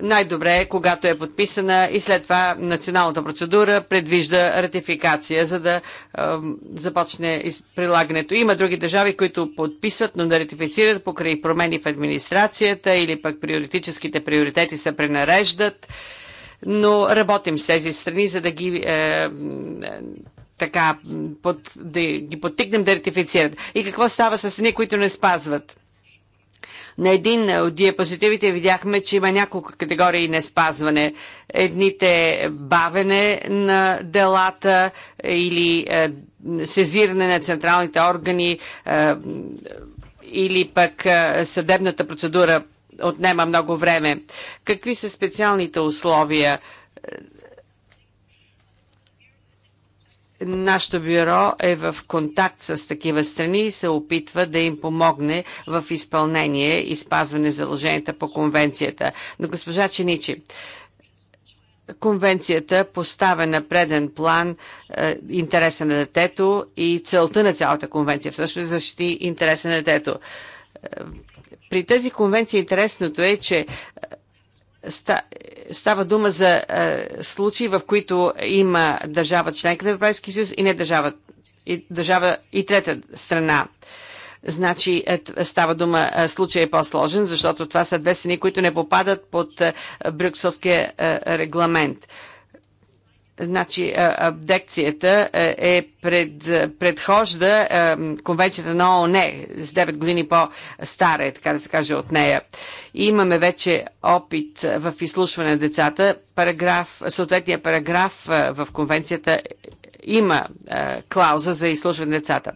Най-добре е, когато е подписана и след това националната процедура предвижда ратификация, за да е, започне прилагането. Има други държави, които подписват, но не ратифицират покрай промени в администрацията или пък приоритическите приоритети се пренареждат но работим с тези страни, за да ги е, така, под, да ги подтикнем да ратифицират. И какво става с тези, които не спазват? На един от диапозитивите видяхме, че има няколко категории не спазване. Едните бавене на делата или е, сезиране на централните органи е, или пък е, съдебната процедура отнема много време. Какви са специалните условия? Нашето бюро е в контакт с такива страни и се опитва да им помогне в изпълнение и спазване задълженията по конвенцията. Но госпожа Ченичи, Конвенцията поставя на преден план е, интереса на детето и целта на цялата конвенция всъщност е защити интереса на детето. Е, при тази конвенция интересното е, че е, става дума за е, случаи, в които има държава членка на Европейския съюз и не държава и, държава, и трета страна. Значи е, става дума, е, случай е по-сложен, защото това са две страни, които не попадат под Брюкселския регламент. Значи, абдекцията е пред, предхожда конвенцията на ООН с 9 години по-стара, е, така да се каже, от нея. И имаме вече опит в изслушване на децата. Параграф, съответния параграф в конвенцията има клауза за изслушване на децата.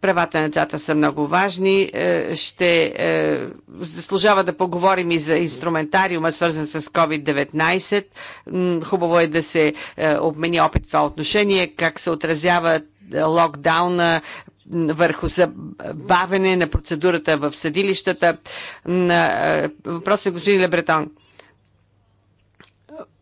Правата на децата са много важни. Е, ще е, заслужава да поговорим и за инструментариума, свързан с COVID-19. Хубаво е да се е, обмени опит в това отношение, как се отразява локдауна, върху забавене на процедурата в съдилищата. Въпросът е господин Лебретон.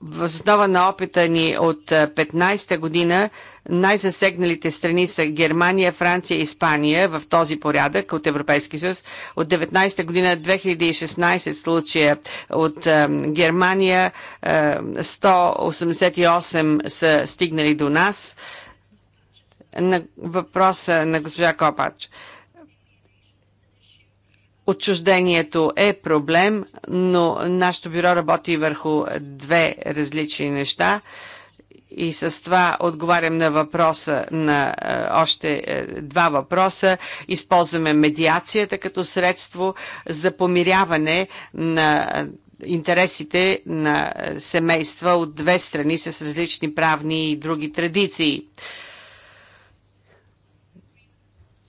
Въз основа на опита ни от 15-та година най-засегналите страни са Германия, Франция и Испания в този порядък от Европейски съюз. От 19 година 2016 случая от е, Германия е, 188 са стигнали до нас. На въпроса на госпожа Копач. Отчуждението е проблем, но нашето бюро работи върху две различни неща и с това отговарям на въпроса на е, още е, два въпроса. Използваме медиацията като средство за помиряване на е, интересите на е, семейства от две страни с различни правни и други традиции.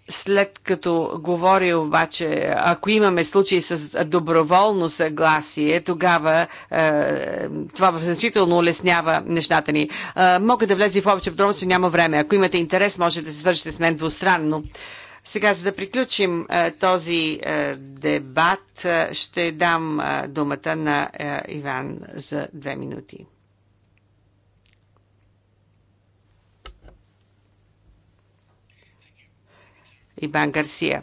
След като говори обаче, ако имаме случаи с доброволно съгласие, тогава е, това значително улеснява нещата ни. Е, мога да влезе в повече подробности, няма време. Ако имате интерес, можете да се свържете с мен двустранно. Сега, за да приключим е, този е, дебат, е, ще дам е, думата на е, Иван за две минути. Ибан Гарсия.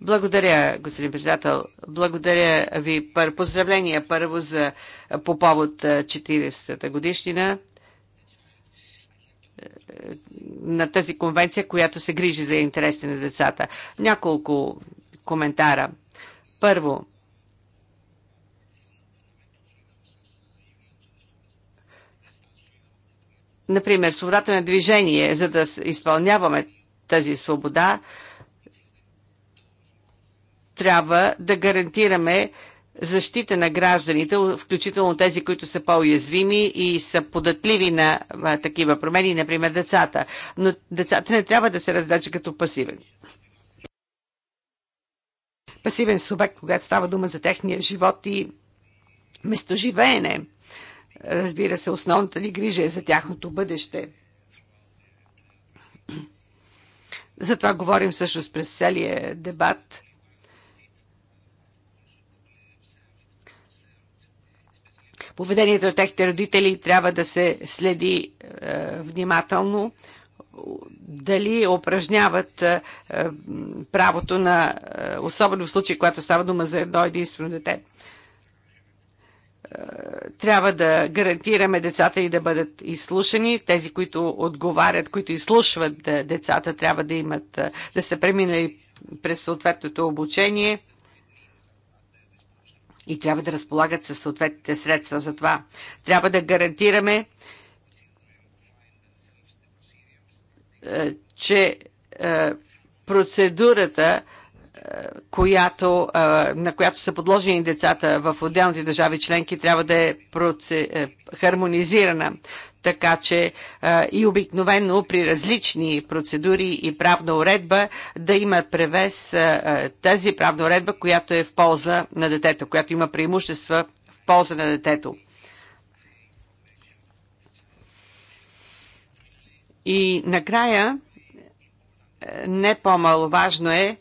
Благодаря, господин председател. Благодаря ви. Поздравления първо за, по повод 40-та годишнина на тази конвенция, която се грижи за интересите на децата. Няколко коментара. Първо, например, свободата на движение, за да изпълняваме тази свобода, трябва да гарантираме защита на гражданите, включително тези, които са по-уязвими и са податливи на а, такива промени, например децата. Но децата не трябва да се раздача като пасивен. Пасивен субект, когато става дума за техния живот и местоживеене. Разбира се, основната ни грижа е за тяхното бъдеще. Затова говорим всъщност през целия дебат – поведението на техните родители трябва да се следи е, внимателно дали упражняват е, правото на, е, особено в случай, когато става дума за едно единствено дете. Е, трябва да гарантираме децата и да бъдат изслушани. Тези, които отговарят, които изслушват е, децата, трябва да имат, е, да са преминали през съответното обучение и трябва да разполагат със съответните средства за това. Трябва да гарантираме, е, че е, процедурата, е, която, на която са подложени децата в отделните държави членки, трябва да е хармонизирана така че а, и обикновено при различни процедури и правна уредба да има превес а, тази правна уредба, която е в полза на детето, която има преимущества в полза на детето. И накрая, не по-маловажно е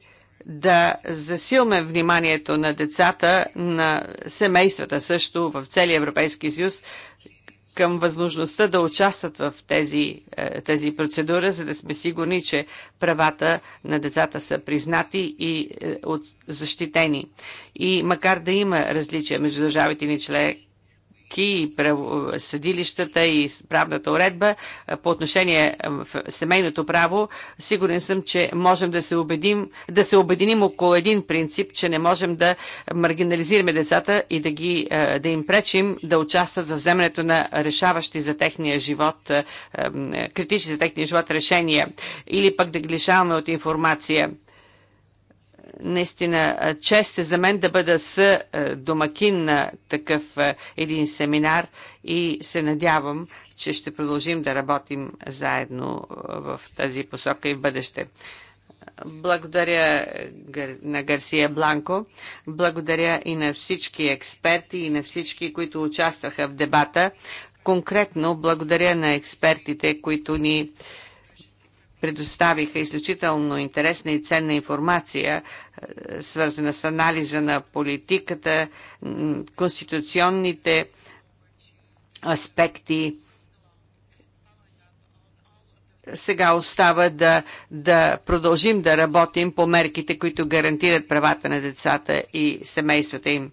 да засилме вниманието на децата, на семействата също в целия Европейски съюз към възможността да участват в тези, е, тези процедура, за да сме сигурни, че правата на децата са признати и е, защитени. И макар да има различия между държавите ни член, и съдилищата и правната уредба по отношение в семейното право, сигурен съм, че можем да се, убедим, да се обединим около един принцип, че не можем да маргинализираме децата и да, ги, да им пречим да участват в вземането на решаващи за техния живот, критични за техния живот решения или пък да ги лишаваме от информация Наистина, чест е за мен да бъда с домакин на такъв един семинар и се надявам, че ще продължим да работим заедно в тази посока и в бъдеще. Благодаря на Гарсия Бланко. Благодаря и на всички експерти и на всички, които участваха в дебата. Конкретно благодаря на експертите, които ни предоставиха изключително интересна и ценна информация, е, свързана с анализа на политиката, конституционните аспекти. Сега остава да, да продължим да работим по мерките, които гарантират правата на децата и семействата им.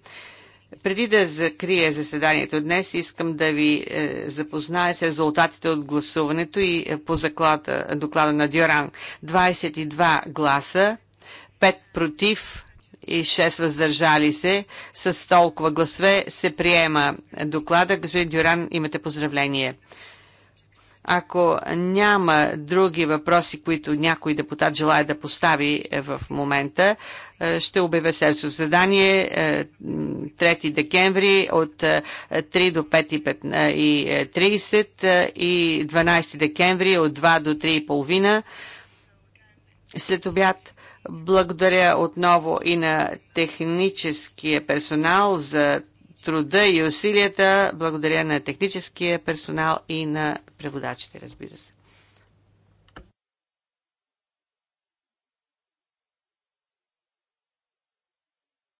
Преди да закрия заседанието днес, искам да ви е, запозная с резултатите от гласуването и е, по заклада, доклада на Дюран. 22 гласа, 5 против и 6 въздържали се. С толкова гласове се приема доклада. Господин Дюран, имате поздравление. Ако няма други въпроси, които някой депутат желая да постави е, в момента, е, ще обявя следващо заседание 3 е, декември от 3 е, до 5.30 и 12 декември от 2 до 3.30 след обяд. Благодаря отново и на техническия персонал за труда и усилията. Благодаря на техническия персонал и на преводачите, разбира се.